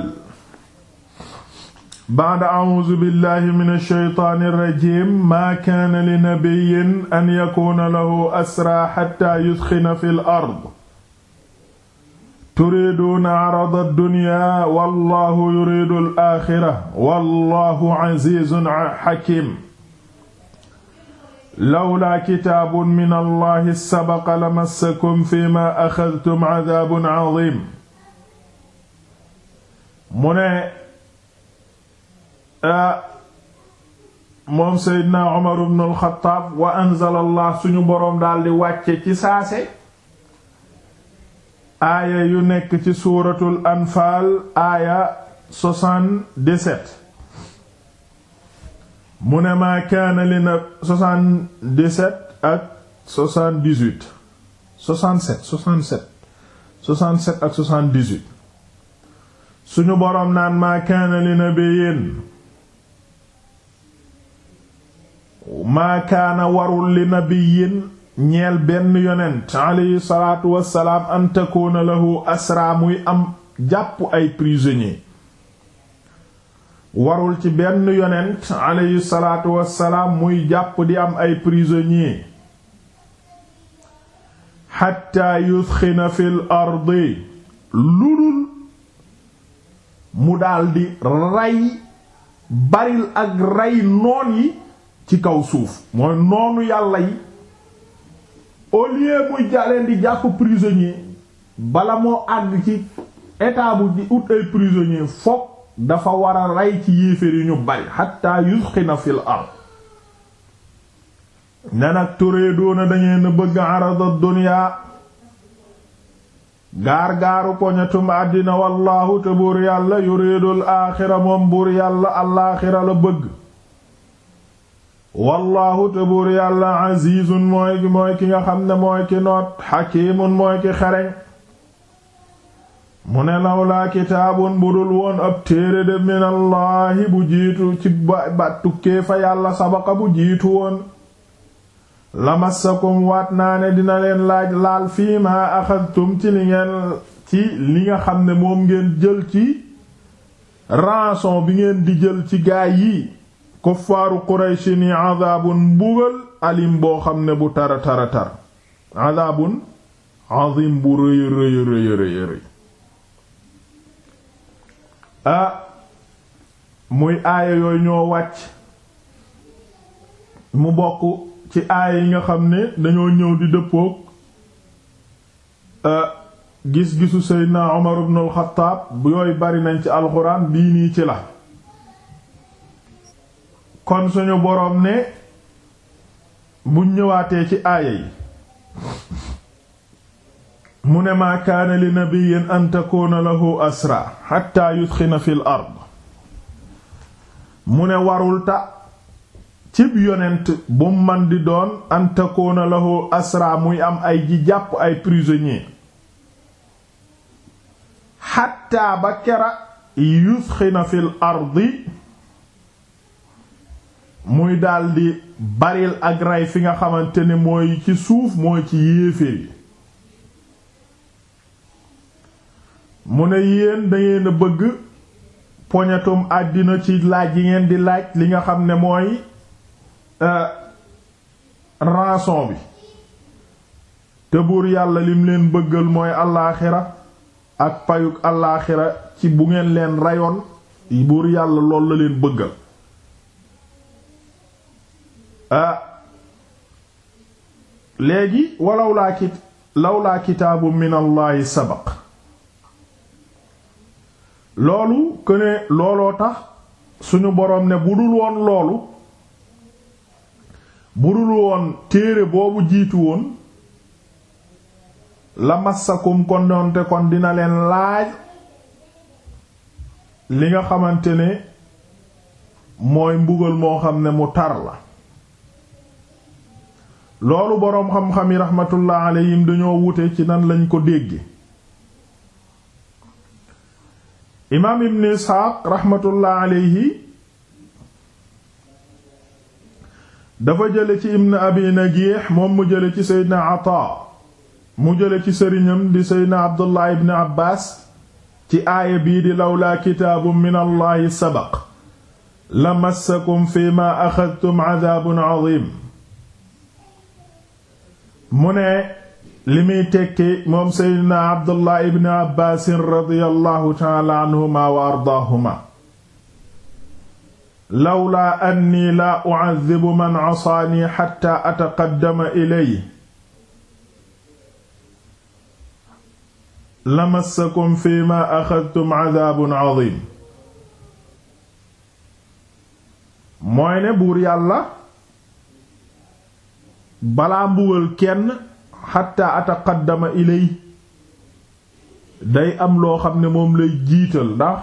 baada awuzu billahi min alsheytaan irrajim maa kaana linabiyin an yakuuna lahu asra xatta yudxina fi l ard turiiduuna carada ddunya wallahu yuriidu al axira wallahu casiizun xakim lawlaa kitaabun min allahi sabaqa lamassakum fimaa axadtum cadaabun cadiim mu ne Euh, moom Seydina Umar ibn al-Khattab wa anzalallah suñu boroom daldi wàcce ci saase aaya yu nekk ci suuratul anfaal aaya 77 mu ne maa kaana li na 77 ak 78 67 67 67 ak 78 suñu boroom naan maa kaana li nabiyyin maa kaana warul li nabiyin ñeel benn yonent alayhi salaatu wassalaam an takoona asra muy am jàpp ay prisonnier warul ci benn yonent alayhi salaatu muy jàpp di am ay prisonnier xatta yusxina fil ardi lu dul mu daldi rey baril ak rey noon yi ci kaw suuf mooy noonu yàlla yi au muy jàlleen di jàpp prisonnier bala moo àgg ci état bu di ut ay prisonnier fokk dafa war a rey ci yéeféer yi ñu bari xatta yusxina fil ard ne nag turee doona dangeen bëgg arada dunya gaar-gaaru poñatum àddina wallaahu te buur yàlla yuridul aaxira moom buur yàlla alaaxira la bëgg wallaahu te buur yàlla azizun mooy ki nga xam ne mooy ki noot xakiimun mooy ki xereñ mu ne lawlaa kitaabun bu dul woon ab téere minallaahi bu jiitu ci ba ba tukkee fa yàlla sabaqa bu jiitu woon lamassakum waat naa ne dina leen laaj laal fii ma axadtum ci li ngeen ci li nga xam ne moom ngeen jël ci rançon bi ngeen di jël ci gaay yi kuffaaru qurayshi ni adaabun mbugal boo xam ne bu tara tara tar adaabun azim bu rëy rëy rëy rëy muy aaya yooyu ñoo wàcc mu bokk ci aaya yi nga xam ne dañoo ñëw di dëppook gis-gisu seydna Umar ibn al-Xattaab bu yooyu bari nañ ci alxuraan bii nii ci la kon suñu boroom ne bu ñëwaatee ci aaya yi mu ne maa kaana li nabiyyin an takuuna lahu asra xatta yutxina fil ard mu ne warul ta cib yonent bu man di doon an takuuna lahu asra muy am ay ji jàpp ay prisonnier xatta ba kera yutxina fil ardi muy daldi baril ak rey fi nga xamante ne mooy ci suuf mooy ci yéeféer yi mu ne yéen dangeen a bëgg poñatum àddina ci laaj yi ngeen di laaj li nga xam ne mooy euh, rançon bi te buur yàlla lim leen bëggal mooy allaaxira ak payug allaaxira ci bu ngeen leen rayoon buur yàlla lool la leen bëggal Ah. léegi walaw laa kit lawlaa kitaabu min allahi sabaq loolu que ne looloo tax suñu boroom ne bu dul woon loolu bu dul woon téere boobu jiitu woon la massakum kon doonte kon dina leen laaj li nga xamante ne mooy mbugal moo xam ne mu tar la loolu boroom xam-xam yi rahmatullah alayhim dañoo wute ci nan lañ ko dégge imaam ibn isxaaq rahmatullah alayhi dafa jële ci ibn abi nagiix moom mu jële ci seydna ataa mu jële ci sëriñam di seydna abdullah ibn abbaas ci aaya bii di lawlaa kitaabu min allahi sabaq lamassakum fi ma axadtum cadaabun cadiim mu ne li muy tekki moom seydina abdullah ibn abbaasin radiyallahu taala anhuma wa ardaahuma lawlaa anni laa u'adhibu man asaani xatta ataqaddama ilayhi lamassakum fiimaa axadtum cadaabun cadiim mooy ne buur yàlla balaa mbugal kenn xatta ataqaddama ilay day am loo xam ne moom lay jiital ndax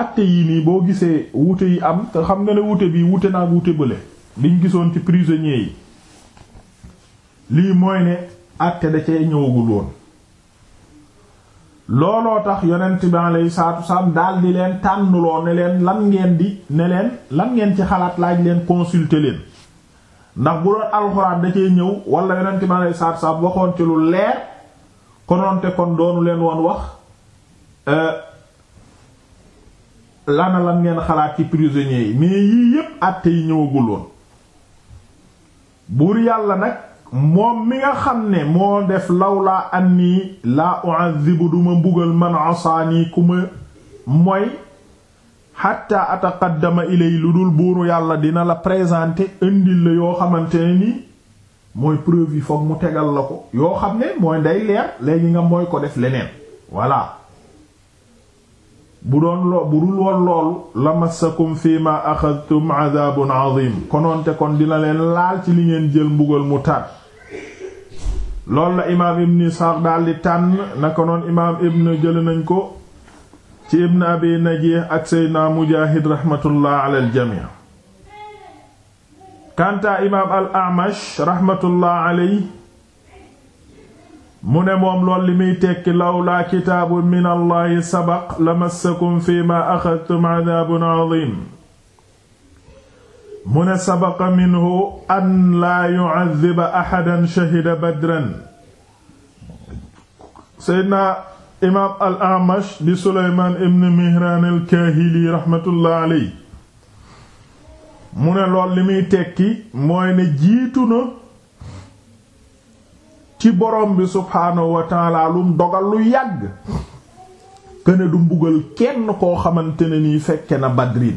àtte yi nii boo gisee wute yi am te xam nga ne wute bi wute naa wute bële biñ gisoon ci prisonniers yi lii mooy ne àtte da cee ñëwagul woon looloo tax yonent bi alayhi salaatu wasalaam daal di leen tànnuloo ne leen lan ngeen di ne leen lan ngeen ci xalaat laaj leen consulter leen ndax bu doon alxuraan da ñëw wala yeneen ci ma lay saab waxoon ci lu leer konoonte kon doonu leen woon wax euh, lana lan ngeen xalaat ci prisonniers yi mais yii yépp àtte ñëwagul woon buur yàlla nag moom mi nga xam ne moo def lawlaa annii laa u'adhibu duma mbugal man asaani ku ma mooy xatta ataqaddama ilay lu dul buuru yàlla dina la présenter indil la yoo xamante ne nii mooy preuve yi foog mu tegal la ko yoo xam ne mooy day leer léegi nga mooy ko def leneen voilà bu doon loo bu dul woon loolu lamassakum fi ma axadtum adabun azim konoonte kon dina leen laal ci li ngeen jël mbugal mu tar loolu la imaam ibn Isxaaq daal tànn naka noon imaam ibn jëli nañ ko ci ibn abi najih ak seydna mujaahid raxmatullah ala aljamii kantaa imaam al amash raxmatullah aley mu ne moom lool li muy tekki lawlaa kitaabu min allahi sabaq lamassakum fi ma axadtum cadaabun cadiim mu ne sabaqa minhu an laa yucadiba axadan shahida badran seydna imaam al amash di suleymaan ibn mihraan al mu ne lool li muy tekki mooy ne jiitu na ci borom bi subhaanahu wa taala lum dogal lu yàgg këne du mbugal kenn koo xamante ne nii fekke na badrin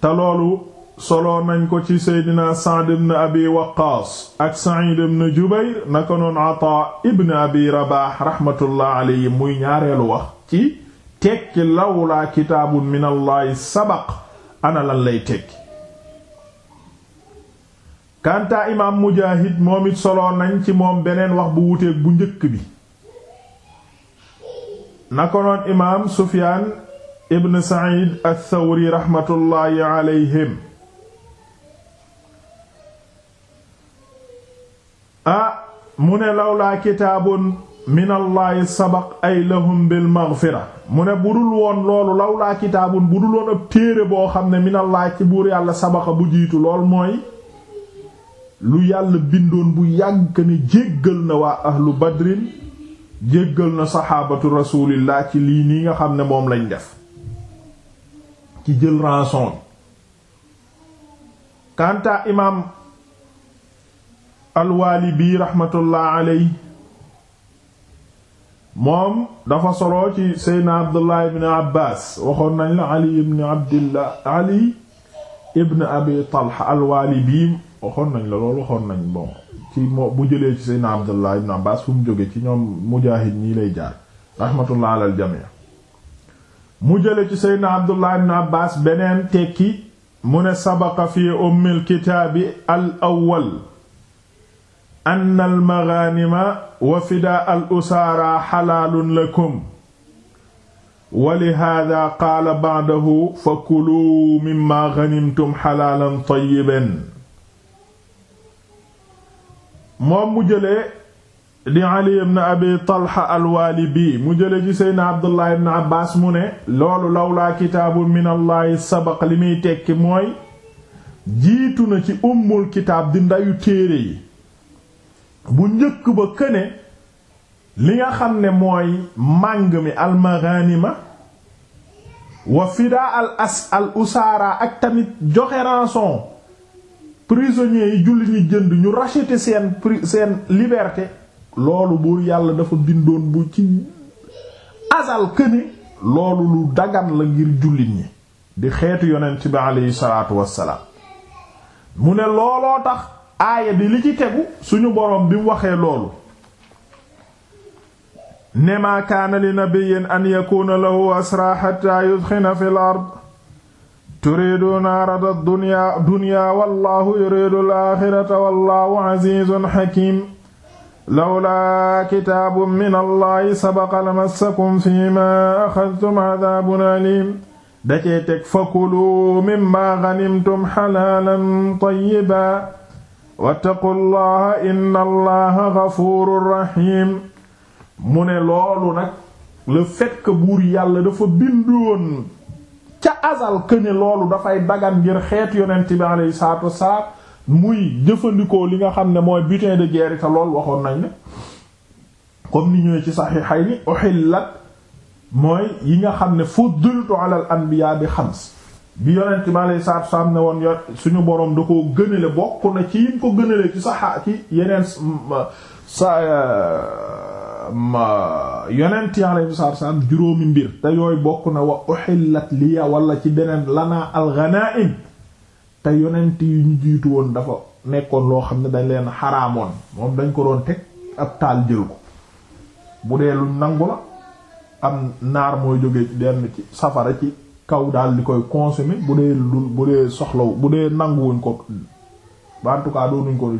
te loolu solo nañ ko ci seydina Sa'd ibn abi ak Sa'id ibn Jubayr naka noon Ataa ibn abi Rabaah rahmatullah alayhi muy ñaareelu wax ci tekki lawlaa kitaabun min sabaq ana lan lay tekki kantaa imaam Mujaahid moom it nañ ci moom beneen wax bu wuteeg bu njëkk bi naka noon imaam ah mu ne lawlaa kitaabun minallaahi sabaq ay lahum bil maghfira mu ne bu dul woon loolu lawlaa kitaabun bu dul woon ab téere boo xam ne minallaahi ci buur yàlla sabaqa bu jiitu lool mooy lu yàlla bindoon bu yàgg ne jéggal na waa ahlu badrin jéggal na saxaabatu rasulillah ci lii nii nga xam ne moom lañ def ci jël rançon alwaali bi raxmatullah aley moom dafa solo ci seydna abdullah ibn abbas waxoon nañ la ali bi waxoon nañ la loolu waxoon nañ bon ci moo bu jëlee ci seydna abdullah ibn abbas fu mu jóge ci ñoom mujaahid ñii lay jaar raxmatullah ala aljami mu jële ci seydna abdullah ibn abbas beneen tekki mu ne sabaqa fi ummil kitaabi al anna almagaanima wa fidaa al usaara xalaalun lakum wa lihaada qaala ba'dahu fa kuluu mimmaa ganimtum xalaalan tayyiban moom mu jëlee di ali ibn abi talha alwaalibi mu jële ci seydna abdullah ibn abbas mu ne loolu lawlaa kitaabun min allaahi sabaq li muy tekki mooy jiitu na ci ummul kitaab di ndayu téere yi bu njëkk ba këne li nga xam ne mooy màng mi almaganima wa fidaa al as al usaara ak tamit joxe rançon prisonniers yi julli ñi jënd ñu racheter seen seen loolu buur yàlla dafa bindoon bu ci asal këne loolu lu dagan la ngir jullit ñi di xeetu yonent bi aleyhi salaatu wassalaam mu ne looloo tax aaya bi li ci tegu suñu boroom bi mu waxee loolu ne maa kaana li nabiyyin an yakuna lahu asra hatta yudkhina fil ard turiiduuna arada dunya dunya wallahu yuriidu al-aaxirata wallahu azizun hakim lawlaa kitaabun min allahi sabaqa lamassakum fiimaa axadtum adaabun aliim dacee teg fakulu mimmaa ganimtum xalaalan tayyibaa wattaqu llaha inna allaha gafurur rahim mu ne loolu nag le fait buur yàlla dafa bindoon ca azal que loolu dafay dagan ngir xeet yonent bi aleyhi salaatu wassalaam muy jëfandikoo li nga xam ne mooy butin de guerre te lool waxoon nañ ne comme ni ñëwee ci saxiixayni uhillat mooy yi nga xam ne fuddiltu ala al anbiya bi xams bi yonent mi aleyhi salaatu salaam ne woon suñu boroom da koo gënale bokk na ci yim ko gënale ci saxaa ci yeneen sa eh, yonent yi aleyhi salaatu salaam juróomi mbir te yooyu bokk na wa uhillat liya wala ci beneen lanaa al-ghanaa'im te yonent yu ñu jiitu woon dafa nekkoon loo xam ne dañ leen xaraamoon moom dañ ko doon teg ab taal jël ko bu dee lu nangu la am naar mooy jóge denn ci safara ci kaw daal di koy consommer bu dee lu bu dee soxlaw bu dee nanguwuñ ko en tout cas doonuñ ko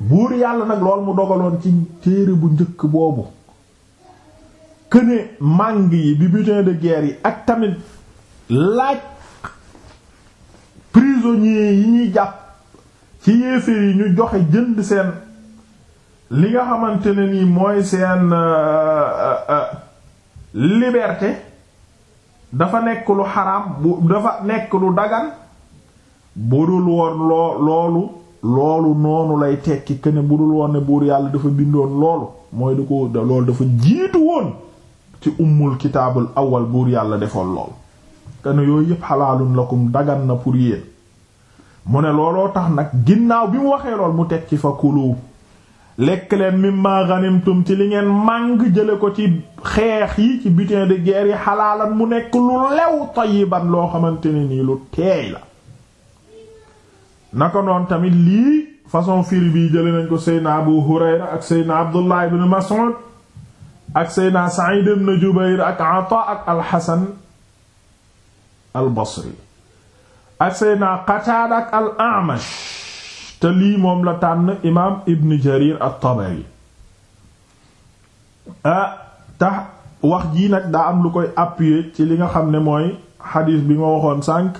buur yàlla nag lool mu dogaloon ci téere bu njëkk boobu këne màng yi bi butin de guerre yi ak tamit laaj prisonniers yi ñuy jàpp ci yéeféer yi ñu joxe jënd seen li nga xamante ne ni mooy seen euh, euh, euh, liberté dafa nekk lu xaraam bu dafa nekk lu dagan bu dul woon loo loolu loolu noonu lay tekki que ne bu dul woon ne buur yàlla dafa bindoon loolu mooy du ko loolu dafa jiitu woon ci ummul kitaabul awal buur yàlla defoon lool que yooyu yëpp xalaalun lakum dagan na pour yéen mu ne looloo tax nag ginnaaw bi mu waxee lool mu teg ci fa kulu lekk leen mimma ghanimtum ci li ngeen màng jële ko ci xeex yi ci butin de guerre yi xalaalan mu nekk lu lew tayiban loo xamante ni nii lu teey la naka noon tamit lii façon firi bii jële nañ ko seydna Abu Hurayra ak seydna Abdullah ibn Mas'ud ak seydna Sa'id ibn Jubayr ak Ata ak al al-Basri ak seydna Qatada ak al-A'mash te lii moom la tànn imaam Ibn Jarir at-Tabari ah tax wax jii nag daa am lu koy appuyer ci li nga xam ne mooy xadiis bi ma waxoon sànq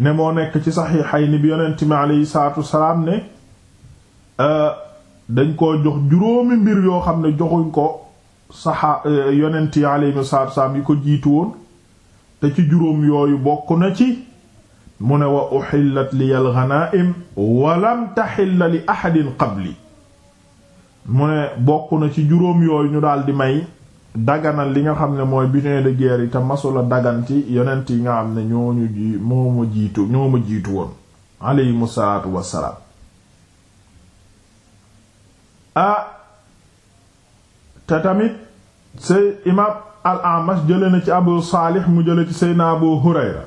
ne moo nekk ci saxiixayni bi yonent mi aleyhi salaatu salaam ne ah, dañ koo jox juróomi mbir yoo xam ne joxuñ ko saxaa eh, yonent yi aleyhi salaatu salaam yi ko jiitu woon te ci juróom yooyu bokk na ci. mu ne wa uhillat li al ghanaim wa lam tahilla li ahadin qabli mu ne bokk na ci juróom yooyu ñu daal di may daganal li nga xam ne mooy butin de yi te masula dagan ci yonent yi nga xam ne ñooñu ji jiitu ñoo ma jiitu woon aleyhim te tamit say imaam al Amash jële na ci Abu Saalih mu jële ci Seydina Abu Hurayra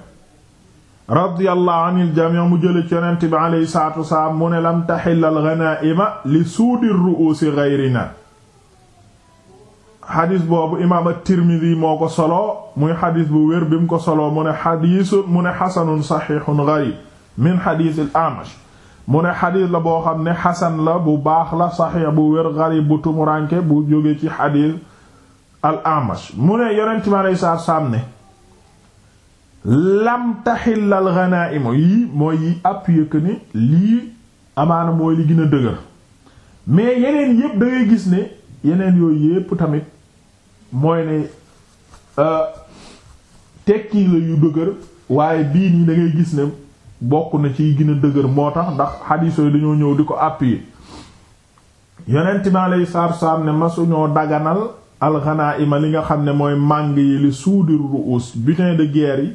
radiyallahu anil jamii mu jële ci yonent bi alayhi salaatu wasalaam mu ne lam taxil al ghanaa'ima li suudi ru'uusi ghayrina xadis boobu imaam at-Tirmidi moo ko solo muy xadis bu wér bi mu ko solo mu ne xadiisun mu ne xasanun min xadis al-Amash mu ne la boo xam ne xasan la bu baax la saxiix bu wér gariib bu tumuranke bu jóge ci xadis al-Amash mu ne yonent bi alayhi ne lam lal al ghanaim yi mooy yi appuyer que ne lii amaana mooy li gën a dëgër mais yeneen yépp da gis ne yeneen yooyu yépp tamit mooy ne euh, tekki yu dëgër waaye bii nii da gis ne bokk na ci gën a dëgër moo tax ndax xadiis yooyu dañoo ñëw di ko appuyer yonent mi alayhi salaatu salaam ne masuñoo daganal alxanaa'ima li nga xam ne mooy màng yi li suudir ruus butin de guerre yi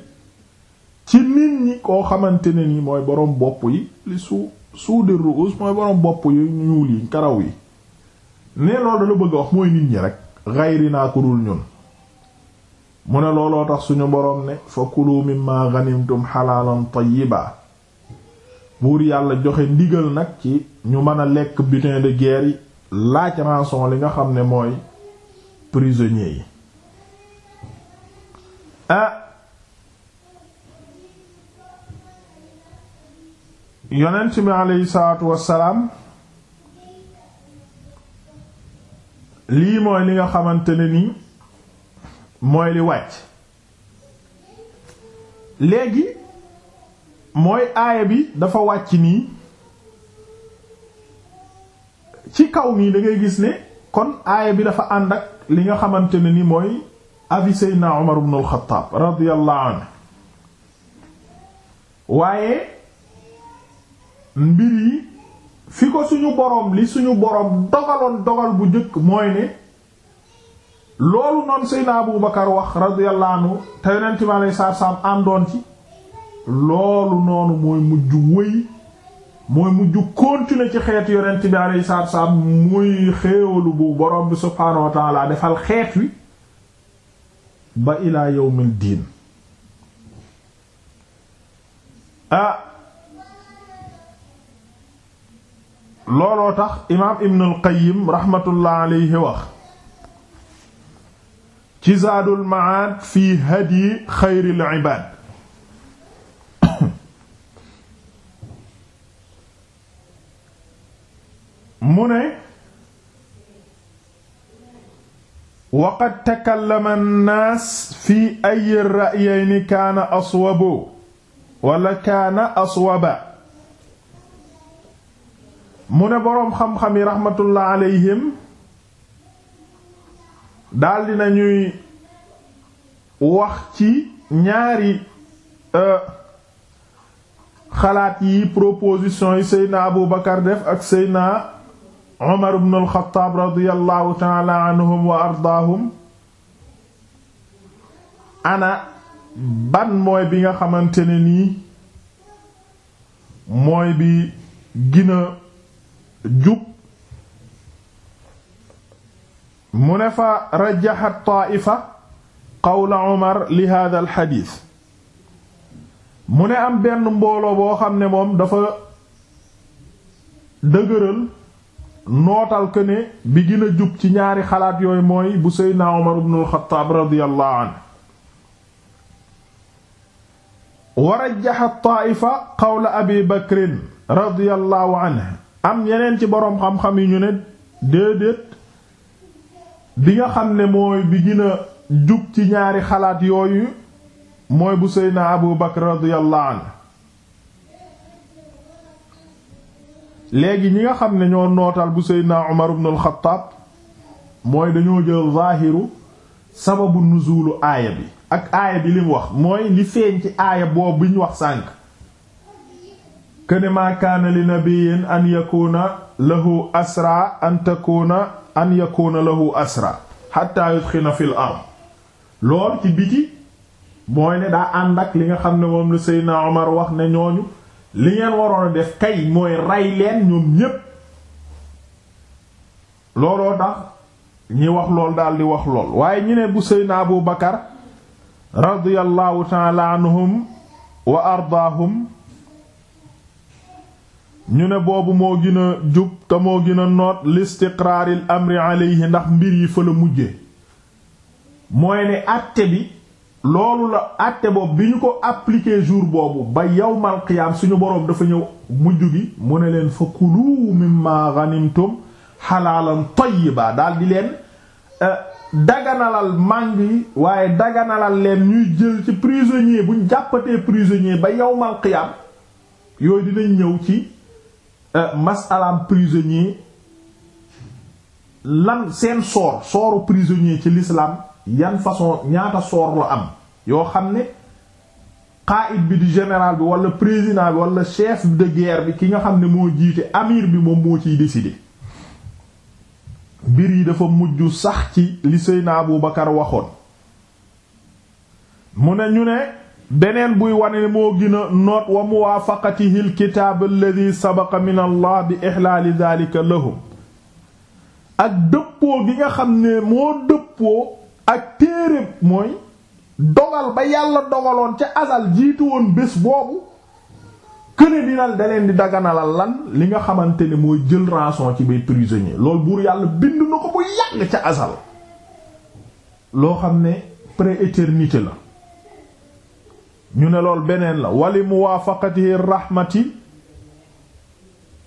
ci nit ñi koo xamante ne nii mooy borom bopp yi li su ruus mooy borom bopp yu ñuul yi karaw yi ne loolu da la bëgg a wax mooy nit ñi rek xayri naa ko dul ñun mu ne looloo tax suñu boroom ne fa kulu mimma ghanimtum xalaalan tayyiba buur yàlla joxe ndigal nag ci ñu mën a lekk butin de guerre yi laaj rançon li nga xam ne mooy prisonniers yi ah, yonent bi aleyhi salaatu wassalaam lii mooy li nga xamante ne nii mooy li wàcc léegi mooy aaya bi dafa wàcc nii ci kaw nii dangay gis ne kon aaya bi dafa ànd ak li nga xamante ne ni mooy avis Seydina Umar ibn al radiyallahu anhu waaye mbir yi fi ko suñu boroom li suñu boroom dogaloon dogal bu njëkk mooy ne loolu noonu Seydina Abu Bakar wax radiyallahu te yonent bi alayhi salaatu àndoon ci loolu noonu mooy mujj wëy mooy mujj continuer ci xeet yonent bi alayhi salaatu salaam muy xéewalu bu boroom bi subhaanahu wa defal xeet wi ba ilaa yawmil diin ah, looloo tax imaam Ibn al-Qayyim rahmatullah aleyhi wax ci Zaadul Ma'aad fi hadyi xayril ibaad mu ne waqad takallama an-naas fi ayyi ar-ra'yayni kaana aswaba wala kaana aswaba mu ne boroom xam-xam yi raxmatullah alayhim daldi nañuy wax ci ñaari euh, xalaat yi proposition yi seydna abu bakar def ak seydna omar ibn alxataab radiallahu taala ana ban mooy bi nga xamante ne nii mooy bi gina jub mu ne fa rajaxat taaifa qawla Umar li hada xadiis mu ne am benn mbooloo boo xam ne moom dafa dëgëral nootal que ne bi gën a jub ci ñaari xalaat yooyu mooy bu Seydina Umar ibn al-Khattab radiyallahu wa rajjaha taa'ifa qawla Abi Bakrin radiyallahu anhu am yeneen ci boroom xam-xam yi ñu ne déedéet bi nga xam ne mooy bi gën a jug ci ñaari xalaat yooyu mooy bu Seydina Abu Bakr radiyallahu anhu léegi ñi nga xam ne ñoo nootal bu Seydina Umar ibn al-Khattab mooy dañoo jël zaahiru sababu nuzulu aaya bi ak aaya bi li wax mooy li feeñ ci aaya boobu bi ñu wax sànk këne maa li nabiyin an yakuna lahu asra an takuna an yakuna lahu asra hatta yudxina fil ard lool ci biti mooy ne daa ànd ak li nga xam ne moom la Seydina Omar wax ne ñooñu li ngeen waroon a def kay mooy rey leen ñoom ñépp looloo tax ñi wax lool daal wax lool waaye ñu ne bu Seydina Abu Bakar radiyallahu ta'ala wa ardaahum ñu ne boobu moo gën a jub te moo gën a noot listiqraaril amri alayhi ndax mbir yi fa la mujje mooy ne àtte bi loolu la àtte boobu bi ñu ko appliqué jour boobu ba yow qiyaam suñu boroom dafa ñëw mujj bi mu ne leen fa kulu mimma ghanimtum xalaalan tayyiba daal di leen euh, daganalal màng yi waaye daganalal leen ñuy jël ci prisonnier buñ jàppatee prisonnier ba yow qiyaam yooyu dinañ ñëw ci Euh, masalaam prisonnier lan seen soor sooru prisonnier ci l'islam yan façon ñaata soor la am yoo xam ne qaid bi di général bi wala président bi wala chef de guerre bi ki nga xam ne moo jiite amir bi moom moo ciy décider mbir yi dafa mujj sax ci li Seyna Abu Bakar waxoon mu ne ñu ne beneen buy wane moo gën a noot wa muwaafaqatihi alkitaab alladi sabaqa min allah bi ixlaali daalika lahum ak dëppoo gi nga xam ne moo dëppoo ak téere mooy dogal ba yàlla dogaloon ca asal jiitu woon bés boobu këne dinal da leen di daganalal lan li nga xamante ne mooy jël rançon ci bay prisonnier loolu buur yàlla bind na ko bu yàgg ca asal loo xam ne prééternité la ñu ne lool beneen la wali muwaafaqatihi rahmati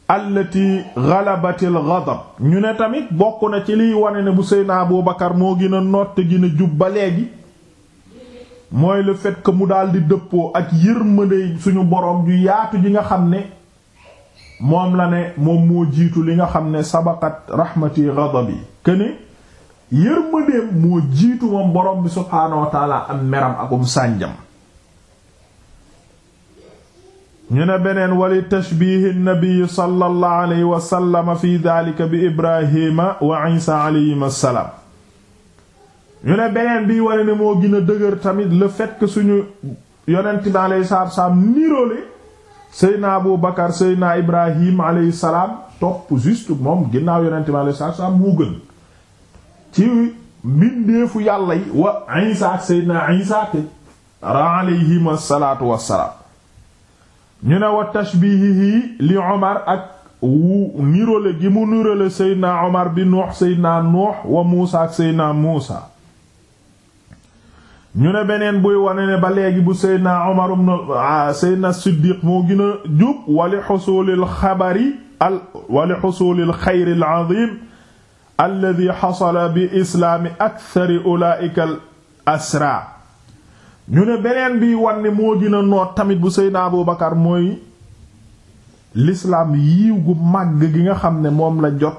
allati ghalabatil ghadab ñu ne tamit bokk na ci liy wane ne bu Seydina Abu Bakar moo gën a noot te gën jub ba léegi mooy le fait que mu daal di dëppoo ak yërmande suñu boroom ju yaatu ji nga xam ne moom la ne moom moo jiitu li nga xam ne sabaqat rahmati ghadabi këne yërmandeem moo jiitu moom boroom bi subhaanahu wa taala am meram akum sànjam ñu ne beneen wali tashbihi nabi sallallahu alayhi wa sallam fi daalika bi ibrahima wa isa alayhim assalaam ñu ne beneen bi wari ne moo gën a dëgër tamit le fait suñu yonent bi alayhi salaatu salaam niroole seydna abu bakar seydna ibrahim alayhi salaam topp juste moom ginnaaw yonent bi alayhi salaatu salaam ci mbindeefu yàlla yi wa isa ak seydna isa te ra alayhim assalaatu wassalaam ñu ne wa tashbihihi li Omar ak wu nirole gi mu nirole Seydina Omar bi Nuux Seydina Nuux wa Muusa ak Seydina Muusa ñu ne beneen buy wane ne ba léegi bu Seydina Omar ibn ah, Seydina Siddiq moo gën a jub wali xusuulil xabari al wali xusuulil xayri al azim alladi xasala bi islaami akthari ulaika al asra ñu ne beneen bi wan moo gën a noot tamit bu Seydina Abu Bakar mooy lislaam yiiw gu màgg gi nga xam ne moom la jot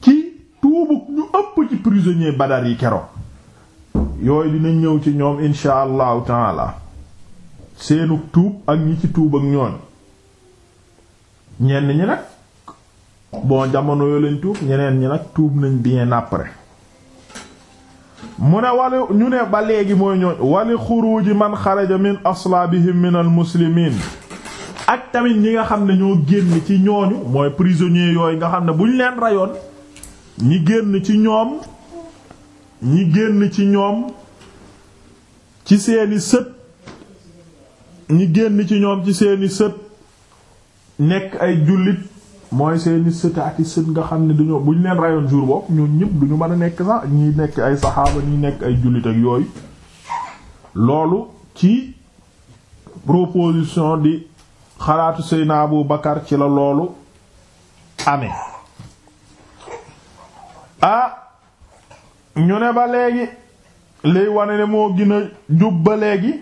ci tuubu ñu ëpp ci prisonnier Badar yi keroog yooyu dina ñëw ci ñoom insha allahu taala seenu tuub ak ñi ci tuub ak ñooñ ñenn ñi nag boo jamono yoo leen tuub ñeneen ñi nag tuub nañ bien après mu ne wali ñu ne ba léegi mooy ñooñ wali xuruji man xaraja min aslaabihim min al muslimin ak tamit ñi nga xam ne ñoo génn ci ñooñu mooy prisonniers yooyu nga xam ne bu ñu leen rayoon ñi génn ci ñoom ñi génn ci ñoom ci seeni sët ñi génn ci ñoom ci seeni sët nekk ay jullit mooy seen sët ak sët nga xam ne dañoo bu ñu leen rayoon jour boobu ñoo ñëpp du ñu mën a nekk sax ñi nekk ay saxaaba ñi nekk ay jullit ak yooyu loolu ci proposition di xalaatu Seydina bu Bakar ci la loolu amee ah ñu ne ba léegi liy wane ne moo gën a jub ba léegi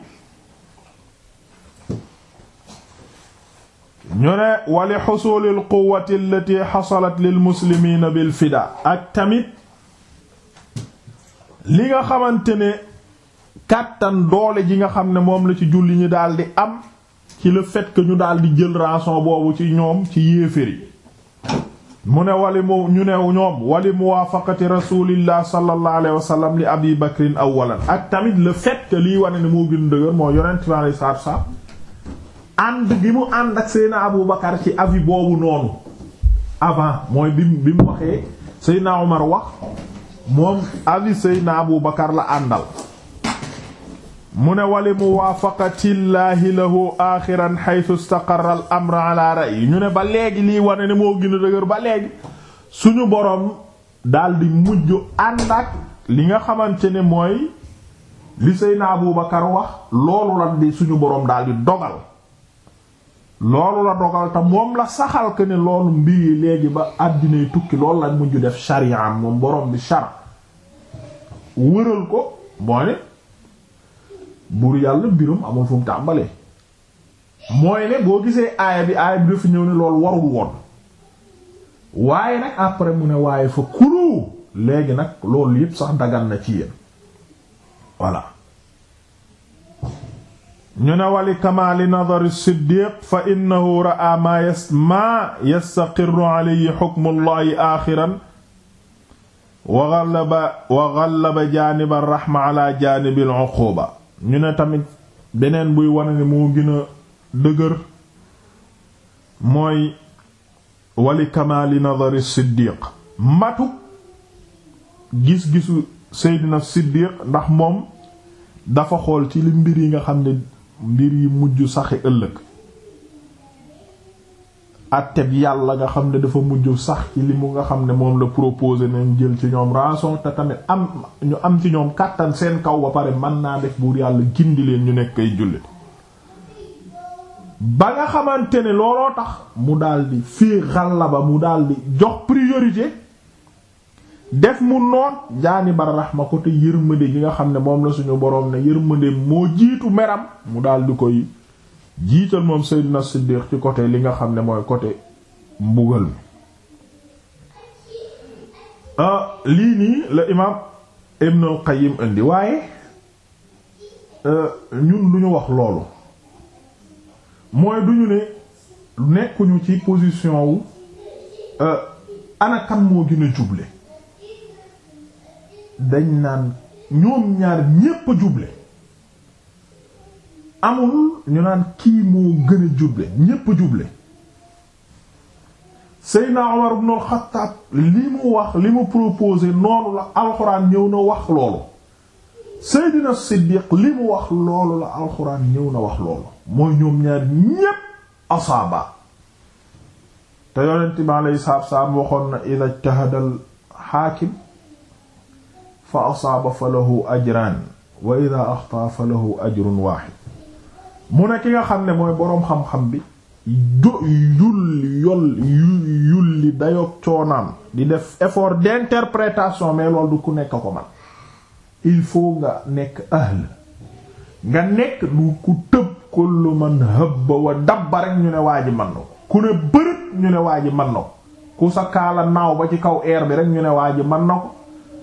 ñu ne wali xusulil quwwati allati xasalat lil muslimiina bil fida ak tamit li nga xamante ne kàttan doole ji nga xam ne moom la ci julli ñi daal di am ci le fait ñu daal di jël rançon boobu ci ñoom ci yéefér yi mu ne wali mu ñu ne ñoom wali muwaafaqati rasulillah sallallahu alayhi wa li abi bakrin ak tamit la fait que liy wane ne moo gën dëgër moo yonent bi alayhi salaatu wa ànd gi mu ànd ak Seydina Abu Bakar ci avis boobu noonu avant mooy bi bi mu waxee Seydina Omar wax Bakar la àndal mu ne wali muwaafaqatillaahi lahu axiran xaytu staqarra al amru ala ra'yi ñu ne ba léegi lii wane ne moo gën a dëgër ba léegi suñu boroom daldi mujj ànd ak li nga xamante ne mooy li Seydina Abu Bakar wax loolu la di suñu boroom daldi dogal loolu la dogal moom la saxal que ne loolu mbir yi léegi ba àddinay tukki loolu la mujj def sharia moom boroom bi shar wëral ko mooy ne buur yàlla mbirum amul fu mu tàmbalee mooy ne boo gisee aaya bi aaya bi dafa ñëw ne loolu warul woon waaye nag après mu ne waaye fa kulu léegi nag loolu yépp sax dagan na ci yéen voilà ñu ne wali kamaali nadari siddiq fa innahu ra'a maa yas maa yastaqirru alayhi xukmullahi aaxiran wa wa ghallaba jaaniba rahma ñu ne tamit beneen buy wane ne moo dëgër mooy wali kamaali nadari siddiq matu gis-gisu seydina siddiq ndax moom dafa xool ci li mbir yi nga xam ne mbir yi mujj saxi ëllëg atteb yàlla nga xam ne dafa mujj sax ci li nga xam ne moom la proposé nañ jël ci ñoom rançon te tamit am ñu am ci ñoom kàttan seen kaw ba pare mën naa def buur yàlla gindi leen ñu nekk ay jullit ba nga xamante ne looloo tax mu daldi fii xalla ba mu daldi jox priorité def mu noon jaani bar ma ko te yërmande gi nga xam ne moom la suñu boroom ne yërmande moo jiitu meram mu daal di koy jiital moom Seydina Siddiq ci côté li nga xam ne mooy côté mbugal mi ah, lii nii la imaam Ibnul Qayyim indi waaye eh, ñun lu ñu wax loolu mooy du ñu ne nekkuñu ci position wu eh, ana moo gën a juble dañ naan ñoom ñaar ñépp a juble amul ñu naan juble ñépp li mu wax proposé noonu la alxuraan ñëw na wax loolu Seydina wax loolu la alxuraan ñëw na wax loolu mooy ñoom ñaar waxoon na idha ijtahada al fa asaaba fa lahu ajran wa ida axtaa fa lahu ajrun waaxid mu ne ki nga xam ne mooy boroom xam-xam bi do yulli yol yulli dayoog coonaam di def effort d'interprétation mais loolu du ku nekk ko man il faut nga nekk ahl nga nekk du ku tëb kullu man hëbba wa dabba rek ñu ne waa ji man na ko ku ne bërëb ñu ne waa ji man na ko ku sa kaala naaw ba ci kaw air bi rek ñu ne waa ji man na ko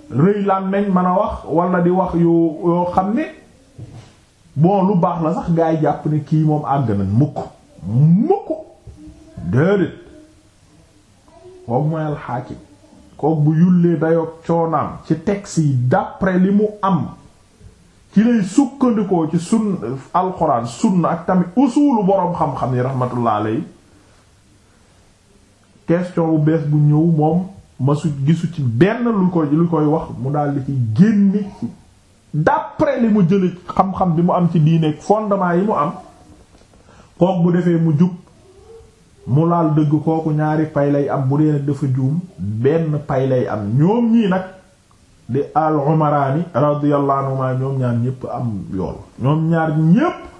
rëy làmmeñ mën a wax wala di wax yu yoo xam ne bon lu baax la sax gaa jàpp ne kii moom àgg na mukk mukk déedéet kooku mooy alxaakim kooku bu yullee dayoog coonaam ci texte yi d'après li mu am ci lay sukkandikoo ci sunn alxuraan sunna ak tamit usulu boroom xam-xam ni rahmatullah alayhi question bu bees bu ñëw moom su gisu ci benn lu koy lu koy wax mu daal di ci génne d'après li mu jële xam-xam bi mu am ci diine fondement yi mu am kook bu defee mu jub mu laal dëgg kooku ñaari pay lay am bu dee nag dafa juum benn pay lay am ñoom ñii nag di al umaraani radiyallahu anhuma ñoom ñaar ñépp am yool ñoom ñaar ñépp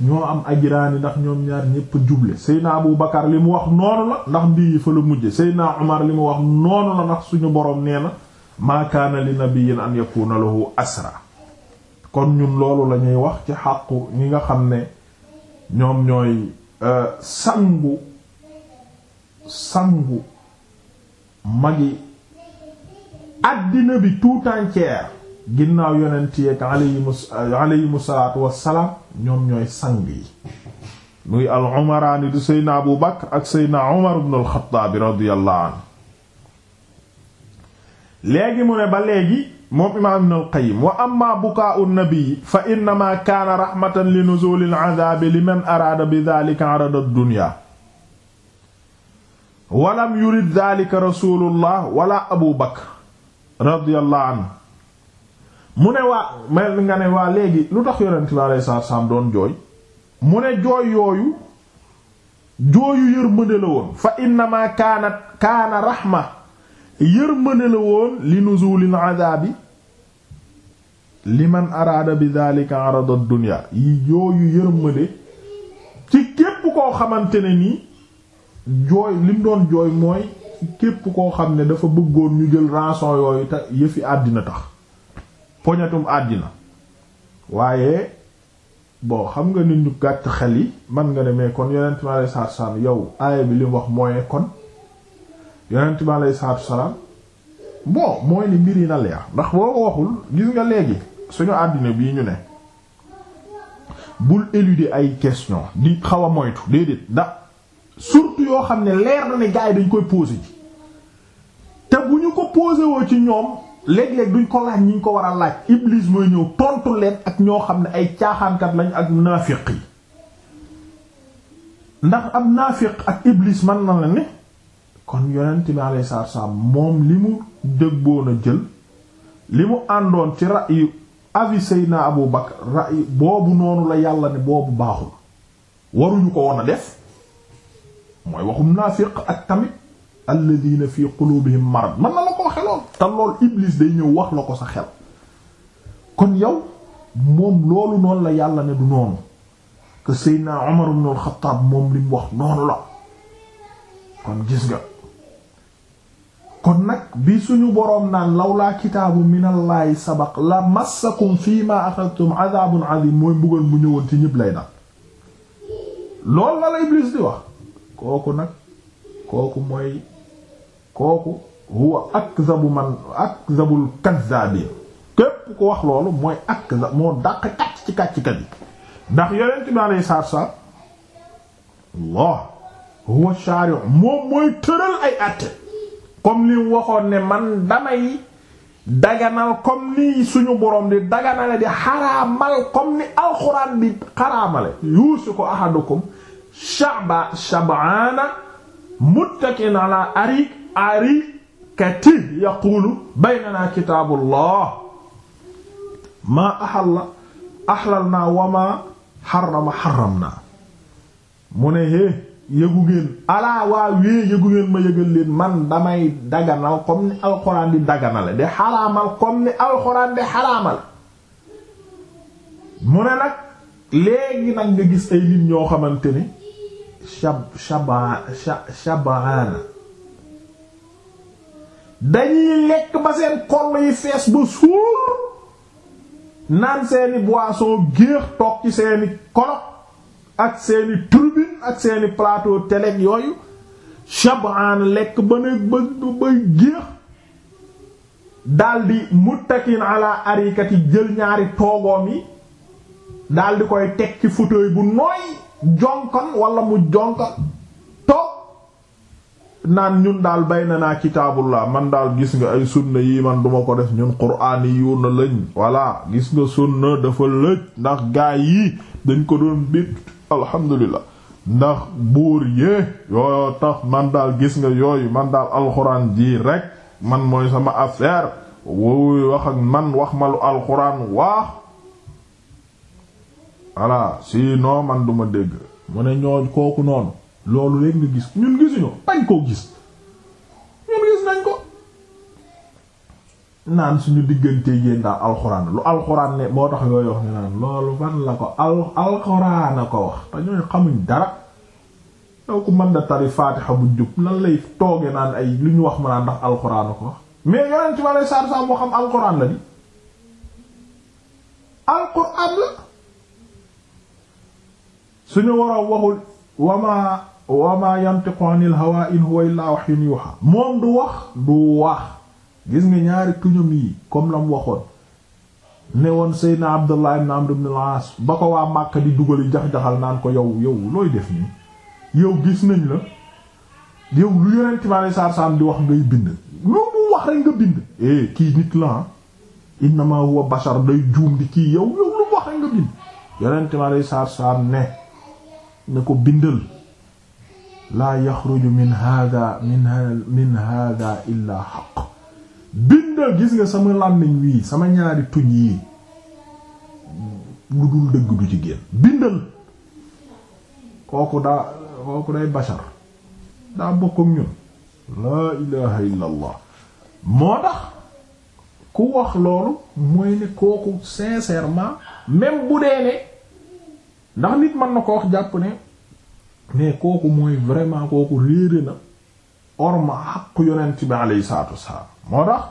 ñoo am ajraani ndax ñoom ñaar ñépp juble Seydina Abu Bakar li mu wax noonu la ndax mbii fa la mujje Seydina Umar li mu wax noonu la ndax suñu boroom nee na maa kaana li nabiyyin an yakuna lahu asra kon ñun loolu la ñuy wax ci xàqu ñi nga xam ne ñoom ñooy euh, sangu sangu magi àddina bi tout entière ginnaaw yonent yeek alayhimu alayhimu salaatu wassalaam ñoom ñooy sang yi muy al umaraani di seydna abu bakr ak seydna umar ibn al xattaab radiyallahu anhu léegi mu ne ba léegi moom imaam ibn al qayyim wa amma bukaa'u nabi fa innama kaana raxmatan li nuzuuli al azaabi liman araada bi daalika arada dunya walam yurid daalika rasuulullah wala abu bakr radiyallahu anhu mu ne waa mel nga ne waa léegi lu tax yonent bi alayhi salaatu salaam doon jooy mu ne jooy yooyu jooyu yërmande la woon fa innama kaanat kaana raxma yërmande la woon li nuzulil adaabi man araada bi daalika arada dunya yi jooyu yërmande ci képp koo xamante ne nii jooy lim doon jooy mooy képp koo xam ne dafa bëggoon ñu jël rançon yooyu te yëfi àddina tax poñatum àddina waaye boo xam nga nit ñu gàtt xel yi man nga ne mais kon yonent bi alei salaatu salaam yow aaya bi li mu wax mooy kon yonent bi alei salaatu salaam bon mooy li mbir yi na leer ndax boo ko waxul gis nga léegi suñu àddina bii ñu ne bul éluder ay question di xaw a moytu déedéet da surtout yoo xam ne leer na ne gars yi dañ koy poser ji te bu ñu ko poser woo ci ñoom léeg-léeg duñ ko laaj ñu ko war a laaj iblis mooy ñëw tontu leen ak ñoo xam ne ay caaxaankat lañ ak naafiq yi ndax am naafiq ak iblis man na la ne kon yonent bi alayhi salaatu moom li mu dëggoon a jël li mu àndoon ci ra'yu avis Seydina Abu Bakr ra'yu boobu noonu la yàlla ne boobu baaxul waruñu ko woon a def mooy waxum naafiq ak tamit alladina fi qulubihim marad man na la koo xeloon te lool day ñëw wax la ko sa xel kon yow moom loolu noonu la yàlla ne du noonu que Seydina Umar ibn al-Khattab moom li mu wax noonu la kon gis nga kon nag bi suñu boroom naan lawlaa kitaabu minallaahi sabaq la massakum fii ma axadtum adabun azim mooy mbugal ñëwoon ci ñëpp lay dal loolu la la Iblis wax kooku nag kooku mooy kooku huwa akzabu man akzabul kazzabin képp ku wax loolu mooy akzab moo dàq kàcc ci kàcc kat yi ndax yonent bi alayhi salaatu wa salaam huwa shari' moom mooy tëral ay àtte comme waxoon ne man damay daganal ni suñu borom di daganale di xaraamal comme ni alxuraan di xaraamale yuusiku ahadukum sha'ba shab'ana muttakin ala arik arikati yaqulu baynana kitaabullah maa ahalla ahlalna wa maa harrama harramna mu ne hé yëgu ngeen alaa waa wee yëgu ngeen ma yëgal leen man damay daganal comme ni alxuraan di daganale di xaraamal comme ni alxuraan di xaraamal mu ne nag léegi nag nga gis ay nit ñoo xamante ni shab shaba shabaana dañuy lekk ba seen koll yi fees ba suur naan seeni boisson géex toog ci seeni kolok ak seeni turbine ak seeni plateau télé yooyu shabaan lekk ba ne ba ba géex daldi muttakin ala arikati jël ñaari toogoom yi daldi koy teg ci fauteuil bu nooy jonkan wala mu jonkan toog naan ñun daal bay na naa kitaabullah man daal gis nga ay sunna yi man duma ko def ñun quraan yi yoon na lañ voilà gis nga sunna dafa lëj ndax gaay yi dañ ko doon bit alhamdulillah ndax buur yee yoo tax man daal gis nga yooyu man daal alxuraan ji rekk man mooy sama affaire wuy wax man wax malu lu alxuraan waax voilà sinon man duma dégg mu ne ñoo kooku noonu loolu léegi nga gis ñun gisuñu bañ koo gis ñun gis nañ ko naan suñu diggante yéen daal alxuraan lu alxuraan ne moo tax yooyu wax ne naan loolu fan la ko al alxuraan a ko wax te ñooy xamuñ dara yow ku mën da tari faatixa bu jub lan lay tooge naan ay lu wax ma naan ndax alxuraan a ko wax mais yonent bi alei satu salaam moo xam alxuraan la di alxuraan la suñu waroom waxul wama wama yantiqu anil hawa in huwa illa wahyun yuha moom du wax du wax gis nga ñaari tuñum yi comme lam waxoon ne woon sey Abdullah ibn ba ko waa Màkka di dugali jax-jaxal naan ko yow yow looy def nii yow gis nañ la yow lu yonent mi alei satu salaam di wax ngay bind lu mu wax rek nga bind eh kii nit la ah. innama huwa bashar day juum di kii yow yow lu wax rek nga bind yonent mi alei satu salaam ne na ko bindal laa yaxruju min hada min min illa xaq bindal gis nga sama làmmiñ wii sama ñaari tuñ yii lu dul dëgg du ci génn bindal kooku daa kooku day bashar daa bokk ñun laa ilaha illa moo tax ku wax loolu mooy ne kooku sincèrement même bu dee ne ndax nit mën na ko wax jàpp ne mais kooku mooy vraiment kooku réere na orma xaq yonent bi alayhi salaatu wassalaam moo tax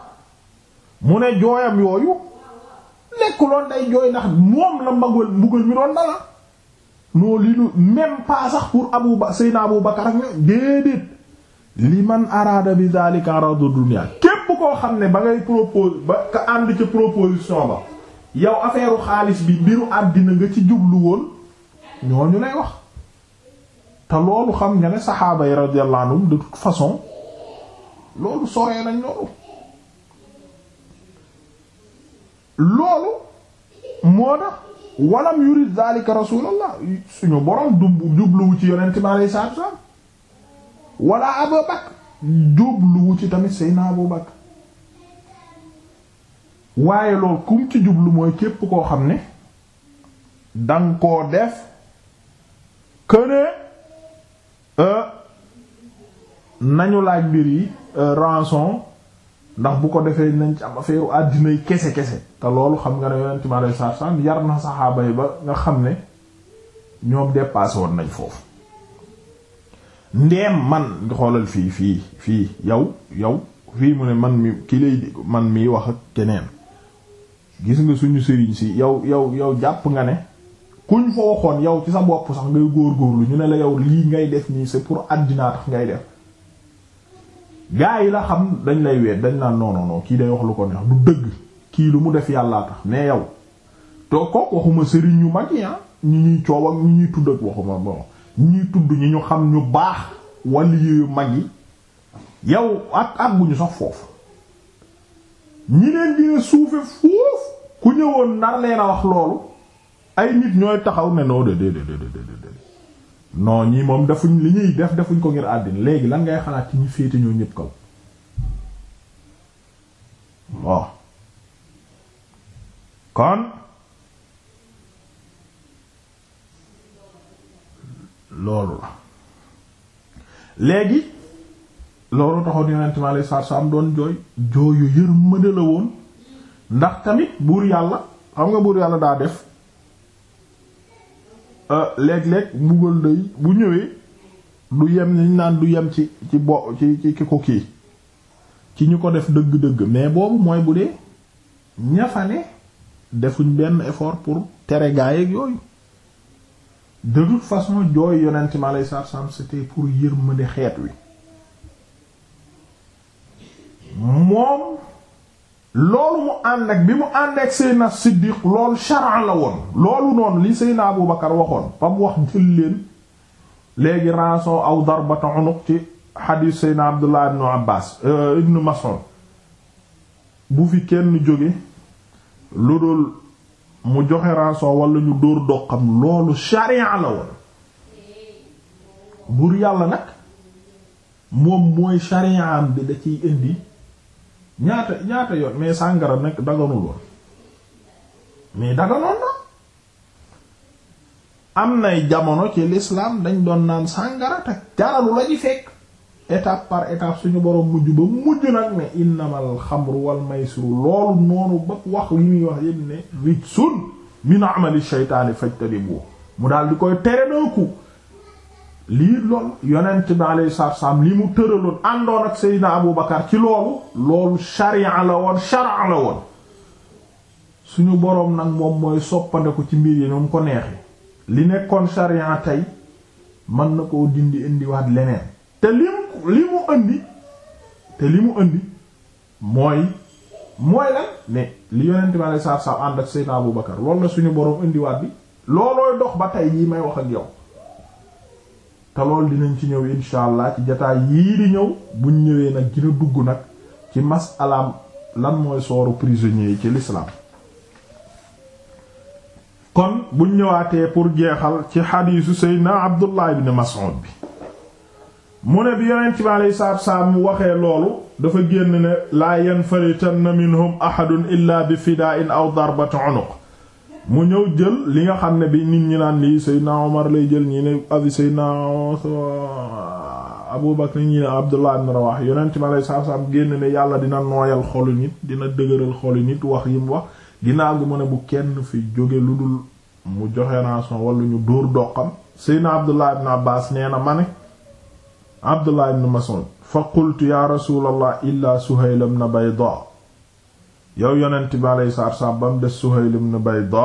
mu ne jooyam yooyu nekkuloon day jooy ndax moom la mbagal mbugal mi doon dala noo li lu même pas pour abu seyna abu bakar ak déedéet li man araada bi daalika aradu dunya képp koo xam ne ba ngay propose ba ka ànd ca proposition ba yow affaire xaalis bi mbiru àddina nga ci jublu woon ñooñu lay wax te loolu xam nga ne saxaaba yi radiyallahu anhum de toute façon loolu soree nañ loolu loolu moo tax walam yurid zalika rasulullah suñu borom du jubluwu ci yonent mi alayhi salaatu wasallam wala Abu Bakr jubluwu ci tamit Seydina Abu Bakr waaye loolu kum ci jublu mooy képp koo xam ne danga koo def këne euh, nañu laaj mbir yi euh, rançon ndax bu ko defee nañ ci am affaire àddina yi kese kese te loolu xam nga ne yonent mi alayhi na saxaaba yi ba nga xam ne ñoom dépassé nañ foofu ndeem man nga xoolal fii fii fii yow yow fii mu ne man mi ki man mii wax ak keneen gis nga suñu sëriñ si yow yow yow jàpp nga ne kuñ fa waxoon yow ci sa bopp sax ngay góorgóorlu ñu ne la yow lii ngay def nii se pour àddinaa tax ngay def gaa yi la xam dañ lay weet dañ naan non kii day wax lu ko neex du dëgg kii lu mu def yàllaa tax mais yow to kook waxuma sëriñ ñu mag yi ah, ñi ñuy coow ak ñi ñuy tudd ak waxuma bon ñi ñuy tudd ñu ñu xam ñu baax wàll yu mag yi yow ak ak bu ñu sax foofu ñi leen dina suufe foofu ku ñëwoon nar leen a wax loolu ay nit ñooy taxaw ne non de de de de non ñii moom defuñ li ñuy def defuñ ko ngir àddina léegi lan ngay xalaat ci ñu féete ñoo ñëpp kaw waaw kon loolu la léegi loolu taxoon yonent mi alayhi salaatu salaam doon jooy jooyu yërmande la woon ndax tamit buur yàlla xam nga buur yàlla daa def Euh, léeg-léeg mbugal day bu ñëwee du yem niñ naan du yem ci ci bo ci ci ko kii ci ñu ko def dëgg-dëgg mais boobu mooy bu dee ñafane defuñ benn effort pour tere gaayeg yooyu de toute façon jooy yonent mi alayhi salaatu salaam c'était pour yërmande xeet wi moom loolu mu ànd ak bi mu ànd ak Siddiq loolu sharaa la woon loolu noonu li Seydina Abu waxoon ba mu wax jël leen léegi rançon aw darbata unuq ci xadiis Seydina Abdullah ibnu Abbaas euh, ibnu Mas'ud bu fi kenn jóge lu dul mu joxe rançon wala ñu dóor doqam loolu sharia la woon buur yàlla nag moom mooy shariaam bi da ciy indi ñaata ñaata yoon mais sàngara nag daganul woon mais daganoon na am nay jamono ci lislaam dañ doon naan sàngara te jaralu la fekk étape par étape suñu borom mujj ba mujj nag ne innamal xamru wal maysiru loolu noonu ba wax li muy wax yépp ne rijsun min amali shaytaani fajtanibu mu daal di koy tere dooku lii lool yonent bi alayhi salaatu wassalaam li mu tëraloon àndoon ak Seydina Abu Bakar ci loolu loolu sharia la woon sharia la woon suñu boroom nag moom mooy soppandeku ci mbir yi ñoom ko neexi li nekkoon sharia tey mën na koo dindi indiwaat leneen te li mu li mu indi te li mu indi mooy mooy lan mais li yonent bi alayhi salaatu ànd ak Seydina Abu Bakar loolu suñu boroom indiwaat bi loolooy dox ba tey yi may wax ak yow te lool dinañ ci ñëw incha allah ci jataay yii di ñëw buñ ñëwee nag dina dugg nag ci masalaam lan mooy sooru prisonnier yi ci l'islam kon buñ ñëwaatee pour jeexal ci xadiisu seydna abdullah ibn mas'ud bi mu ne bi yonent bi alayhi salaatu salaam mu waxee loolu dafa génn ne laa yanfaritanna minhum ahadun illa bi fidaa'in aw darbati unuq mu ñëw jël li nga xam ne bi nit ñi naan lii Seydina Omar lay jël ñi ne abi Seydina Abu Bakr ñi ne Abdullah ibn Rawah yonent mi aleyhi salaatu salaam génn ne yàlla dina nooyal xolu nit dina dëgëral xolu nit wax yi mu wax ginnaaw gi mu ne bu kenn fi jóge lu dul mu joxe rançon wala ñu dóor doqam Seydina Abdullah ibn Abbas nee na ma ne Abdullah ibn Mas'ud fa qultu ya rasulallah illa Suhayl ibn Bayda yow yonent bi alayhi salaatu wassalaam ba mu des Suhayl ibn Bayda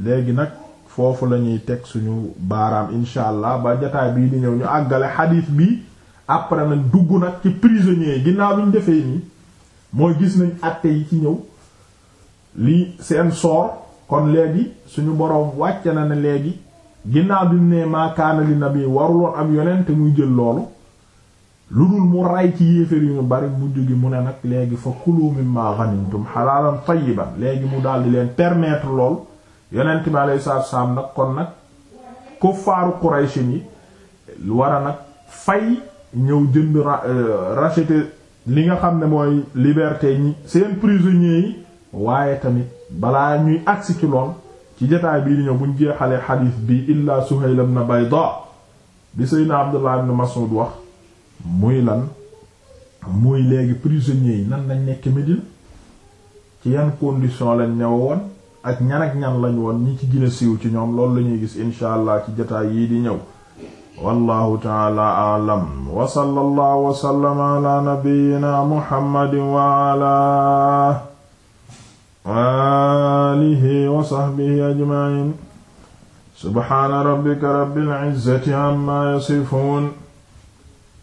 léegi nag foofu la ñuy teg suñu baaraam incha allah ba jataay bii di ñëw ñu àggale xadiis bi après nag dugg nag ci prisonniers yi ginnaaw bi ñu defee nii mooy gis nañ àtte yi ci ñëw li seen soor kon léegi suñu boroom wàcce na ne léegi ginnaaw bi mu ne maakaana li nabi waruloon am yonent muy jël loolu lu dul mu ray ci yéeféer yu ñu bari mujj gi mu ne nag léegi fa kulu mimma ghanimtum halalan tayyiban léegi mu daldi leen permettre lool yonent bi alayhi salaatu wassalaam nag kon nag kuffaaru Quraysh yi war a nag fay ñëw jënd euh, racheter li nga xam ne mooy liberté ñi seen prisonniers yi waaye tamit balaa ñuy agsi ci lool ci jotaay bii di ñëw buñ jeexalee xadiis bi illaa Suhayl ibn Bayda bi Seydina Abdullah ibn Mas'ud wax muy lan muy léegi prisonniers yi nan lañ nekk Médina ci yan condition lañ ñëw woon ak ñan ak ñan lañ woon ñi ci gën siiw ci ñoom loolu la ñuy gis incha allah ci jotaay yii di ñëw wallahu taala alam wa sallallahu wa sallama ala nabiyyina muhammadin wa ala alihi wa sahbihi ajma'in subhana rabbika rabbil izzati amma yasifun